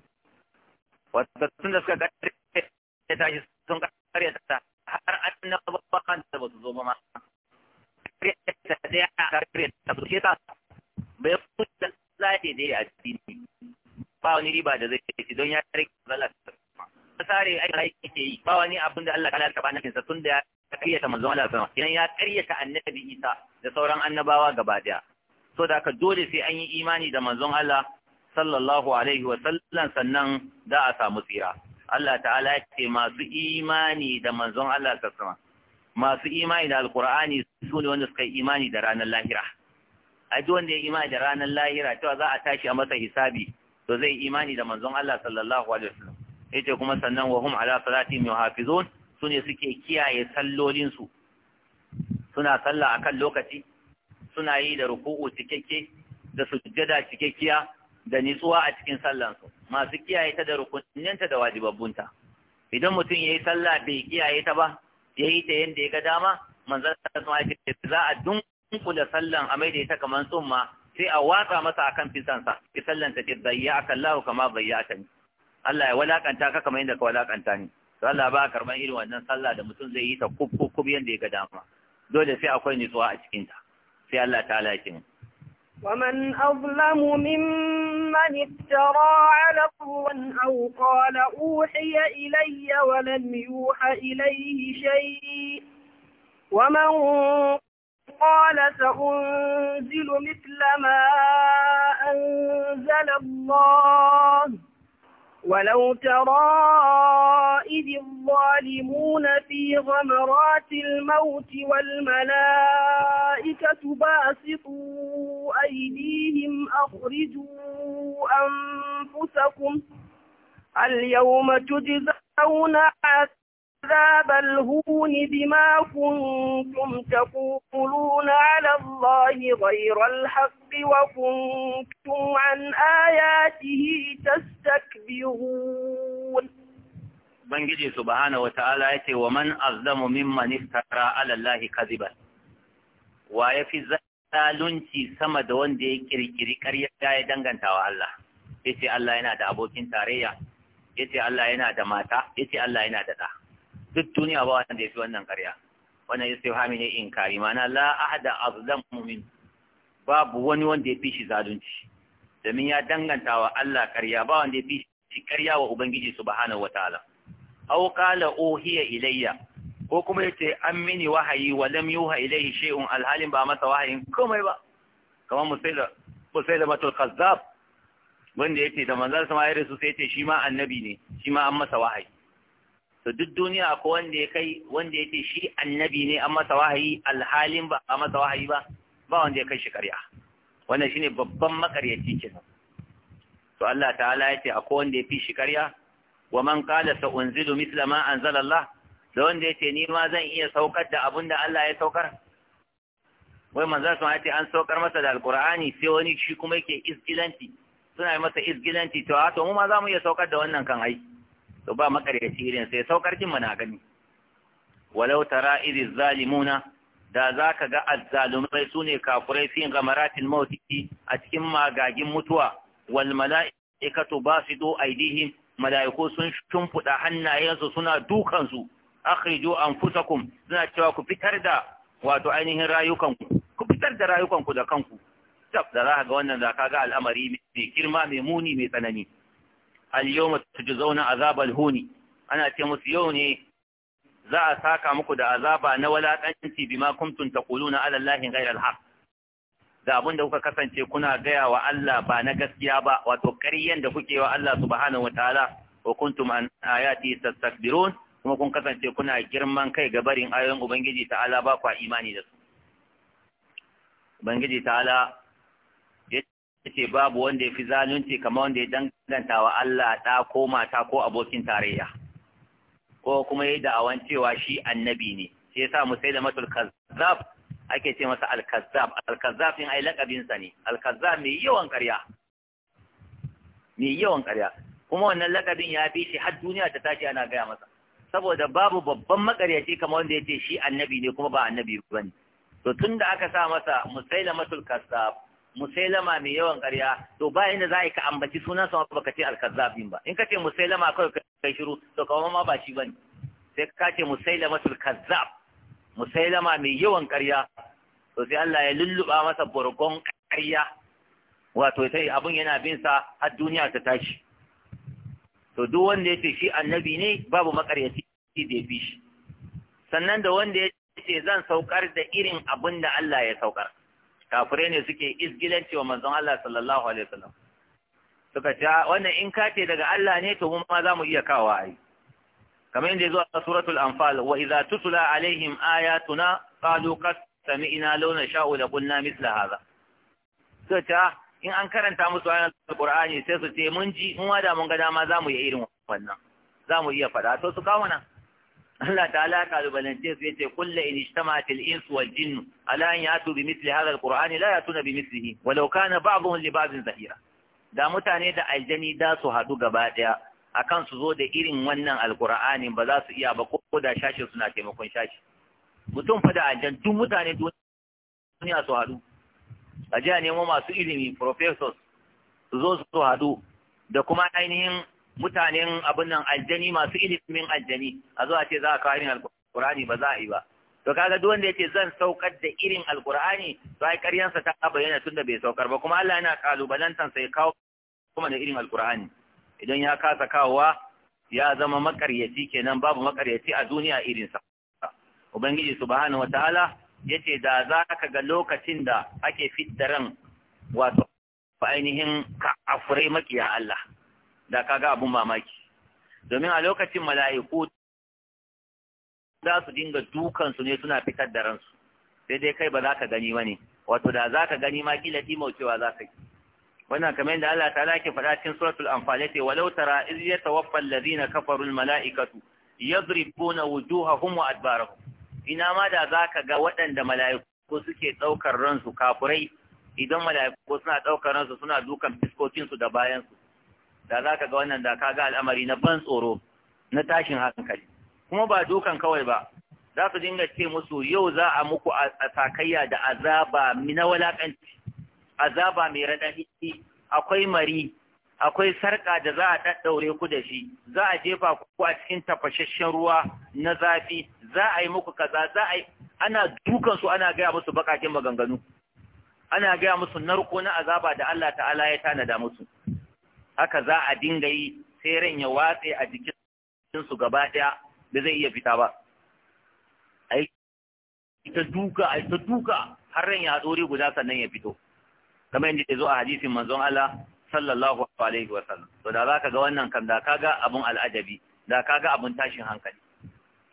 wato sun da suka karya ta shi sun karya ta har annabawa ba kan da ba su zo ba ma karya ta ya karya ta ba su shi ta bai zaɗe dai a cikin ba wani riba da zai ci don ya rike Allah ta sare ai ai ke yi ba wani abin da Allah kana taba nakin tun da ya karyata manzon Allah sama idan ya karyata annabi Isa da sauran annabawa gaba daya so da ka dole sai an yi imani da manzon Allah sallallahu alaihi wa sallam sannan da a samu tsira Allah ta'ala ya ce masu imani da manzon Allah sallallahu alaihi wa sallam masu imani da alqur'ani su ne wanda suka yi imani da ranar lahira a ji wanda ya imani da ranar lahira cewa za a tashi a masa hisabi to zai imani da manzon Allah sallallahu alaihi wasallam yace kuma sannan wa hum ala salatihim yuhafizun sune suke kiyaye sallolin su suna sallah akan lokaci suna yi da ruku'u cikakke da sujjada cikakkiya da nitsuwa a cikin sallan su masu kiyaye ta da rukuninta da wajibabbunta idan mutum yayi sallah bai kiyaye ta ba yayi ta yanda ya ga dama manzon Allah alaihi wasallam za a dunga da sallan a da ita kamar tsumma sai a watsa masa akan fisansa ki sallan ta ce zayyaka Allahu kama zayyaka ni Allah ya walakanta ka kamar yadda ka walakanta ni to Allah ba karban irin wannan sallah da mutum zai yi ta kub kub yadda ya ga dama dole sai akwai nutsuwa a cikin ta sai Allah ta halaki mu ومن أظلم ممن افترى على الله أو قال أوحي إلي ولم يوحى إليه شيء ومن قال سأنزل مثل ما أنزل الله ولو ترى إذ الظالمون في غمرات الموت والملائكة باسطوا أيديهم أخرجوا أنفسكم اليوم تجزون عذاب الهون بما كنتم تقولون على الله غير الحق وكنتم عن آياته تستكبرون بنجي سبحانه وتعالى يتي ومن أظلم ممن افترى على الله كذبا ويفي zalunci sama da wanda ya ƙirƙiri ƙarya ya danganta wa Allah yace Allah yana da abokin tarayya yace Allah yana da mata yace Allah yana da ɗa duk duniya ba wanda ya fi wannan ƙarya wannan istifhami ne kari mana la ahada azlam mumin babu wani wanda ya fi shi zalunci domin ya danganta wa Allah ƙarya ba wanda ya fi shi ƙarya wa ubangiji subhanahu wataala aw qala uhiya ilayya ko kuma yace an mini wahayi wa lam yuha ilayhi shay'un alhalin ba masa wahayin komai ba kamar musaila musaila matul kazzab wanda yace da manzon sama ya rasu sai yace shi ma annabi ne shi ma an masa wahayi to duk duniya ko wanda ya kai wanda ya ce shi annabi ne an masa wahayi alhalin ba a masa wahayi ba ba wanda ya kai shi karya wannan shine babban makaryaci kenan to Allah ta'ala ya ce akwai wanda ya fi shi karya wa man qala sa unzilu mithla ma anzala Allah da wanda ya ce ni ma zan iya saukar da abinda da Allah ya saukar wai manzo sun yace an saukar masa da alqur'ani sai wani shi kuma yake isgilanti suna masa isgilanti to a to mu ma za mu iya saukar da wannan kan aiki to ba makaryaci irin sai saukarkin mana gani walau tara idh zalimuna da zaka ga azzalumai sune kafurai fi gamaratil mauti a cikin magagin mutuwa wal mala'ikatu basidu aidihim mala'iku sun shimfuda hannayensu suna dukansu akhriju anfusakum suna cewa ku fitar da wato ainihin rayukanku ku fitar da rayukanku da kanku tab da za ka ga wannan za ka ga al'amari mai girma mai muni mai tsanani al-yawma tujzauna azab huni ana ce musu yau ne za a saka muku da azaba na walakanci bima kuntum taquluna ala allahi ghayra al da abinda kuka kasance kuna gaya wa Allah ba na gaskiya ba wato ƙaryen da kuke wa Allah subhanahu wataala wa kuntum an ayati tastakbirun kuma kun kasance kuna girman kai ga barin ayoyin ubangiji ta'ala ba kwa imani da su ubangiji ta'ala ce babu wanda ya fi zalunci kamar wanda ya danganta wa Allah ɗa ko mata ko abokin tarayya ko kuma yi da'awan cewa shi annabi ne shi yasa matul kazzab ake ce masa al-kazzab al-kazzab din ai lakabin sa ne al-kazzab mai yawan ƙarya mai yawan ƙarya kuma wannan lakabin ya fi shi har duniya ta tashi ana gaya masa saboda babu babban makaryaci kamar wanda ya ce shi annabi ne kuma ba annabi bane to tunda aka sa masa musailamatul kazzab musailama mai yawan ƙarya to ba inda za ka ambaci sunan sa baka ce alkazzabin ba in ka ce musailama kawai kai shiru to kawai ma ba shi bane sai ka ce sul kazzab musailama mai yawan ƙarya to sai Allah ya lulluba masa borgon ƙarya wato sai abun yana bin sa har duniya ta tashi to duk wanda ya ce shi annabi ne babu makaryaci da ya shi sannan da wanda ya ce zan saukar da irin abin da Allah ya saukar kafirai ne suke isgilanci wa manzon Allah sallallahu alaihi wasallam suka ce ah, wannan in ka ce daga Allah ne to mu ma zamu iya kawo ai kamar inda zuwa suratul anfal wa idza tutla alaihim ayatuna qalu qad sami'na law nasha'u la qulna mithla hadha to ta ah, in an karanta musu ayan alqur'ani sai su ce mun ji mun wada da mun ga dama za mu iya irin wannan za mu iya faɗa to su kawo nan Allah ta'ala kalubalance su yace kullu in ijtama'at al ins wal jinn ala an yatu bi mithli hadha al-qur'an la yatuna bi mithlihi walau kana ba'dhum li ba'dhin zahira da mutane da aljani da su hadu gaba daya akan su zo da irin wannan Al-Qur'anin ba za su iya ba ko da shashi suna taimakon shashi mutum fa da aljan duk mutane duniya su hadu a jiya nemo masu ilimi professors su zo su hadu da kuma ainihin mutanen abin nan aljani masu ilimin aljani a zuwa ce za a kawo irin alkur'ani ba za a yi ba to kaga duk wanda yake zan saukar da irin alkur'ani to ai ƙaryansa ta bayyana tunda bai saukar ba kuma Allah yana kalubalantar sai kawo kuma da irin alkur'ani idan ya kasa kawowa ya zama makaryaci kenan babu makaryaci a duniya irinsa ubangiji subhanahu wataala yace da za ka ga lokacin da ake fidda ran wato ainihin afure makiya Allah da kaga abun mamaki domin a lokacin mala'iku za su dinga dukansu ne suna fitar da ransu sai dai kai ba za ka gani wani wato da za ka gani ma kila cewa za ka yi wannan kamar yadda Allah ta lake faɗa cikin suratul anfal ce walau tara iz yatawaffa alladhina kafaru almalaikatu yadribuna wujuhahum wa adbarahum ina ma da za ka ga waɗanda mala'iku suke ɗaukar ransu kafurai idan mala'iku suna ɗaukar ransu suna dukan fiskokinsu da bayansu da za ka ga wannan da ka ga al'amari na ban tsoro na tashin hankali kuma ba dukan kawai ba za su dinga ce musu yau za a muku a sakayya da azaba na walakanci azaba mai raɗaɗi akwai mari akwai sarƙa da za a ɗaɗɗaure ku da shi za a jefa ku a cikin tafashashen ruwa na zafi za a yi muku kaza za a ana dukan su ana gaya musu baƙaƙen maganganu ana gaya musu narko na azaba da Allah ta'ala ya tanada musu haka za a dinga yi sai ran ya watse a jikinsu gaba ɗaya da zai iya fita ba ai ta duka ai ta duka har ran ya dore guda sannan ya fito kamar yadda ya zo a hadisin manzon Allah sallallahu alaihi wa to da zaka ga wannan kan da kaga abun al'ajabi da kaga abun tashin hankali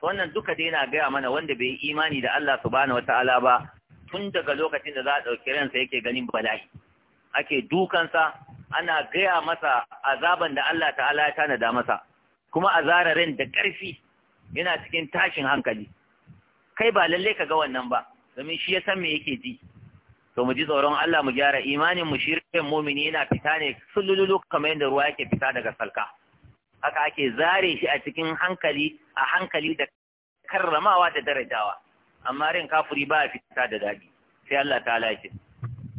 to wannan duka dai yana gaya mana wanda bai yi imani da Allah subhanahu wataala ba tun daga lokacin da za a dauki ransa yake ganin bala'i ake dukansa ana gaya masa azaban da Allah ta'ala ya tanada masa kuma a zararin da ƙarfi yana cikin tashin hankali kai ba lalle ka ga wannan ba domin shi ya san me yake ji to mu ji tsoron Allah mu gyara imanin mu shirin mumini yana fita ne sululu kamar yadda ruwa yake fita daga salka haka ake zare shi a cikin hankali a hankali da karramawa da darajawa amma rin kafuri ba fita da daɗi, sai Allah ta lafiya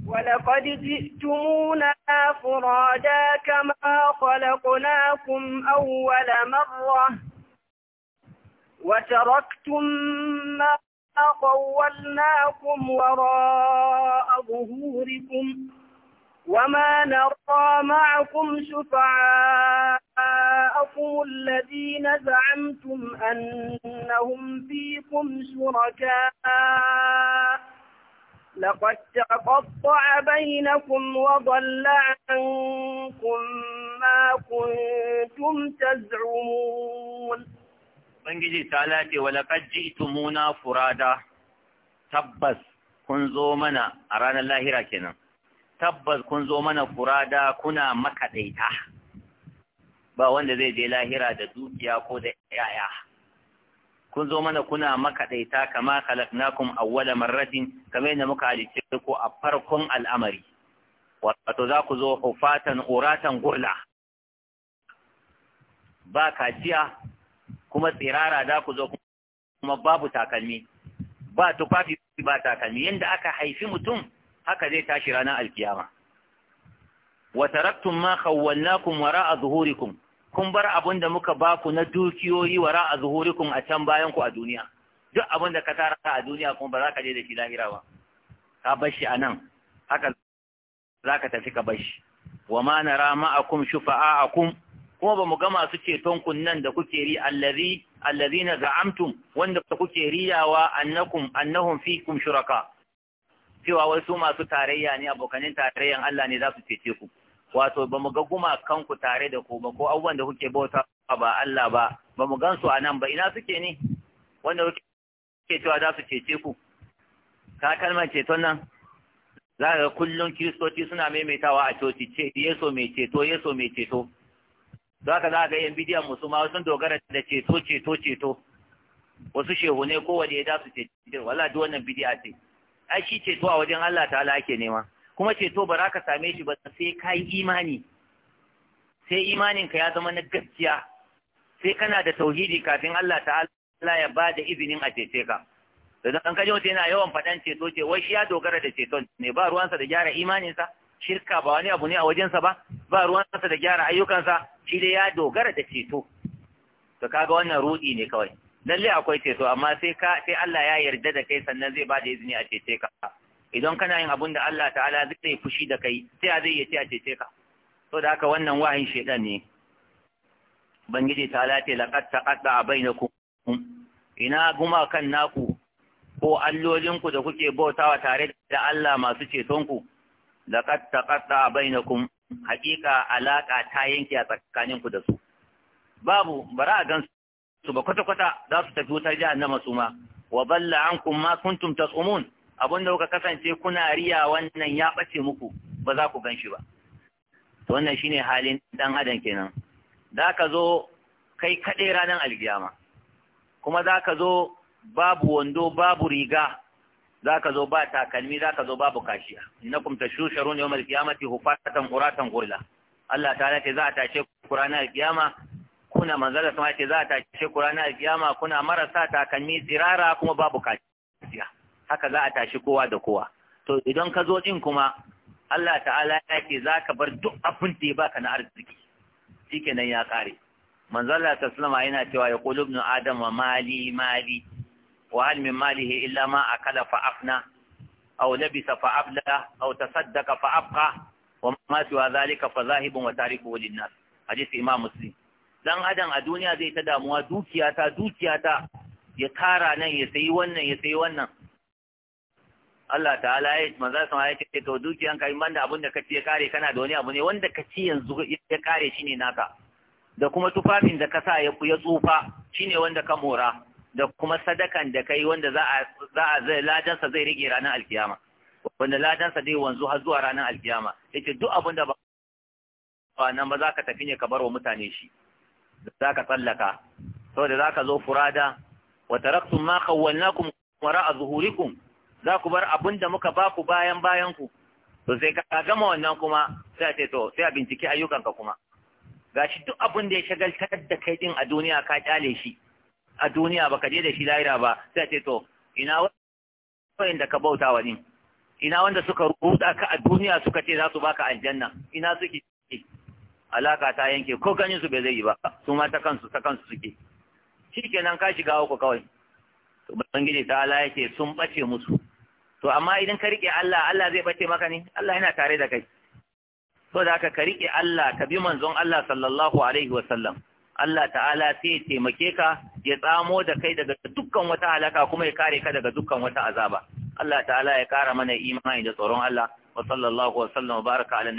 ولقد جئتمونا فرادا كما خلقناكم أول مرة وتركتم ما قولناكم وراء ظهوركم وما نرى معكم شفعاءكم الذين زعمتم أنهم فيكم شركاء لقد تقطع بينكم وضل عنكم ما كنتم تزعمون بنجي تعالى ولقد جئتمونا furada, tabbas kun zo mana a ranar lahira kenan tabbas kun zo mana furada kuna makaɗaita ba wanda zai je lahira da dukiya ko da yaya kun zo mana kuna makaɗaita kama khalaqnakum awwala marratin kamar yadda muka halice ku a farkon al'amari wato za ku zo hufatan uratan gurla ba kaciya kuma tsirara za ku zo kuma babu takalmi ba tufafi ba takalmi yadda aka haifi mutum haka zai tashi ranar alkiyama wa taraktum ma khawwalnakum a zuhurikum kun bar abin da muka ba ku na dukiyoyi wara a zuhurikun a can bayan ku a duniya duk abin da ka tara a duniya kuma ba za ka je da shi lahira ba ka bar shi a nan haka za ka tafi ka bar shi wa ma nara ma'akum kuma ba mu ga masu ceton kun nan da kuke ri allazi allazina za'amtum wanda kuke riyawa annakum annahum fikum shuraka cewa wasu masu tarayya ne abokanin tarayyan Allah ne za su cece ku wato ba mu ga gumakan ku tare da ku ba ko abubuwan da kuke bauta ba Allah ba ba mu gan su a nan ba ina suke ne wanda kuke cewa za su cece ku ka kalmar ceton nan za ga kullum kiristoci suna maimaitawa a coci ce yeso mai ceto yeso mai ceto za ka za ga yan bidiyon musu ma sun dogara da ceto ceto ceto wasu shehu ne kowane ya su ceto wala duk wannan bidiya ce ai shi ceto a wajen Allah ta'ala ake nema kuma ceto ba za ka same shi ba sai ka yi imani sai imaninka ya zama na gaskiya sai kana da tauhidi kafin Allah ta'ala ya ba da izinin a cece ka da an kaje wata yana yawan faɗan ceto ce wai shi ya dogara da ceton ne ba ruwansa da gyara imaninsa shirka ba wani abu ne a wajensa ba ba ruwansa da gyara ayyukansa shi dai ya dogara da ceto to kaga wannan ruɗi ne kawai lalle akwai ceto amma sai ka sai Allah ya yarda da kai sannan zai ba da izini a cece ka idan kana yin abun da Allah ta'ala zai fushi da kai sai a zai yace a cece ka to da haka wannan wahin shedan ne bangiji ta'ala ta laqad taqadda bainakum ina guma kan naku ko allolin ku da kuke bautawa tare da Allah masu ceton ku laqad taqadda bainakum haƙiƙa alaƙa ta yanke a tsakaninku da su babu bara a su ba kwata-kwata za su tafi wutar jahannama na masuma wa balla an ma kuntum tas'umun abin da kuka kasance kuna riya wannan ya ɓace muku ba za ku gan shi ba to wannan shine halin ɗan adam kenan za ka zo kai kaɗai ranar alkiyama kuma za ka zo babu wando babu riga za ka zo ba takalmi za ka zo babu kashiya innakum tashusharun yawm alqiyamati hufatan uratan gurla Allah ta'ala ce za a tashe ku ranar alkiyama kuna manzala sama ce za a tashe ku ranar alkiyama kuna marasa takalmi tsirara kuma babu kashiya haka za a tashi kowa da kowa to idan ka zo din kuma Allah ta'ala ya ce za ka bar duk abin da ya baka na arziki shikenan ya kare manzo Allah ta sallama yana cewa ya qulu ibn adam wa mali mali wa hal min malihi illa ma akala fa afna aw labisa fa abla aw tasaddaqa fa abqa wa ma siwa zalika fa zahibun wa tariku lin-nas hadisi imam muslim dan adam a duniya zai ta damuwa dukiyata dukiyata ya tara nan ya sayi wannan ya sayi wannan Allah ta'ala ya manza sama ya ce to dukiyan ka in banda abin da kace ya kare kana da wani abu ne wanda kace yanzu ya kare shi ne naka da kuma tufafin da ka sa ya tsufa shi ne wanda ka mora da kuma sadakan da kai wanda za a za a zai ladansa zai rage ranar alkiyama wanda ladansa zai wanzu har zuwa ranar alkiyama yace duk abin da ba nan ba za ka tafi ne ka baro mutane shi za ka tsallaka saboda za ka zo furada wa taraktum ma khawwalnakum wara'a zuhurikum za ku bar abin da muka ba ku bayan bayan ku to sai ka gama wannan kuma sai ce to sai a binciki ayyukanka kuma gashi duk abin da ya shagaltar da kai din a duniya ka kyale shi a duniya baka je da shi lahira ba sai ce to ina wanda ka bauta wani? ina wanda suka ruda ka a duniya suka ce za su baka aljanna ina suke alaka ta yanke ko ganin su bai zai yi ba su ma ta kansu ta kansu suke kenan ka shiga uku kawai to ubangiji ta ala yake sun bace musu to amma idan ka rike Allah Allah zai bace maka ne Allah yana tare da kai So da ka rike Allah ka bi manzon Allah sallallahu alaihi wasallam Allah ta'ala sai ya taimake ka ya tsamo da kai daga dukkan wata halaka kuma ya kare ka daga dukkan wata azaba Allah ta'ala ya kara mana imani da tsoron Allah wa sallallahu wa sallam baraka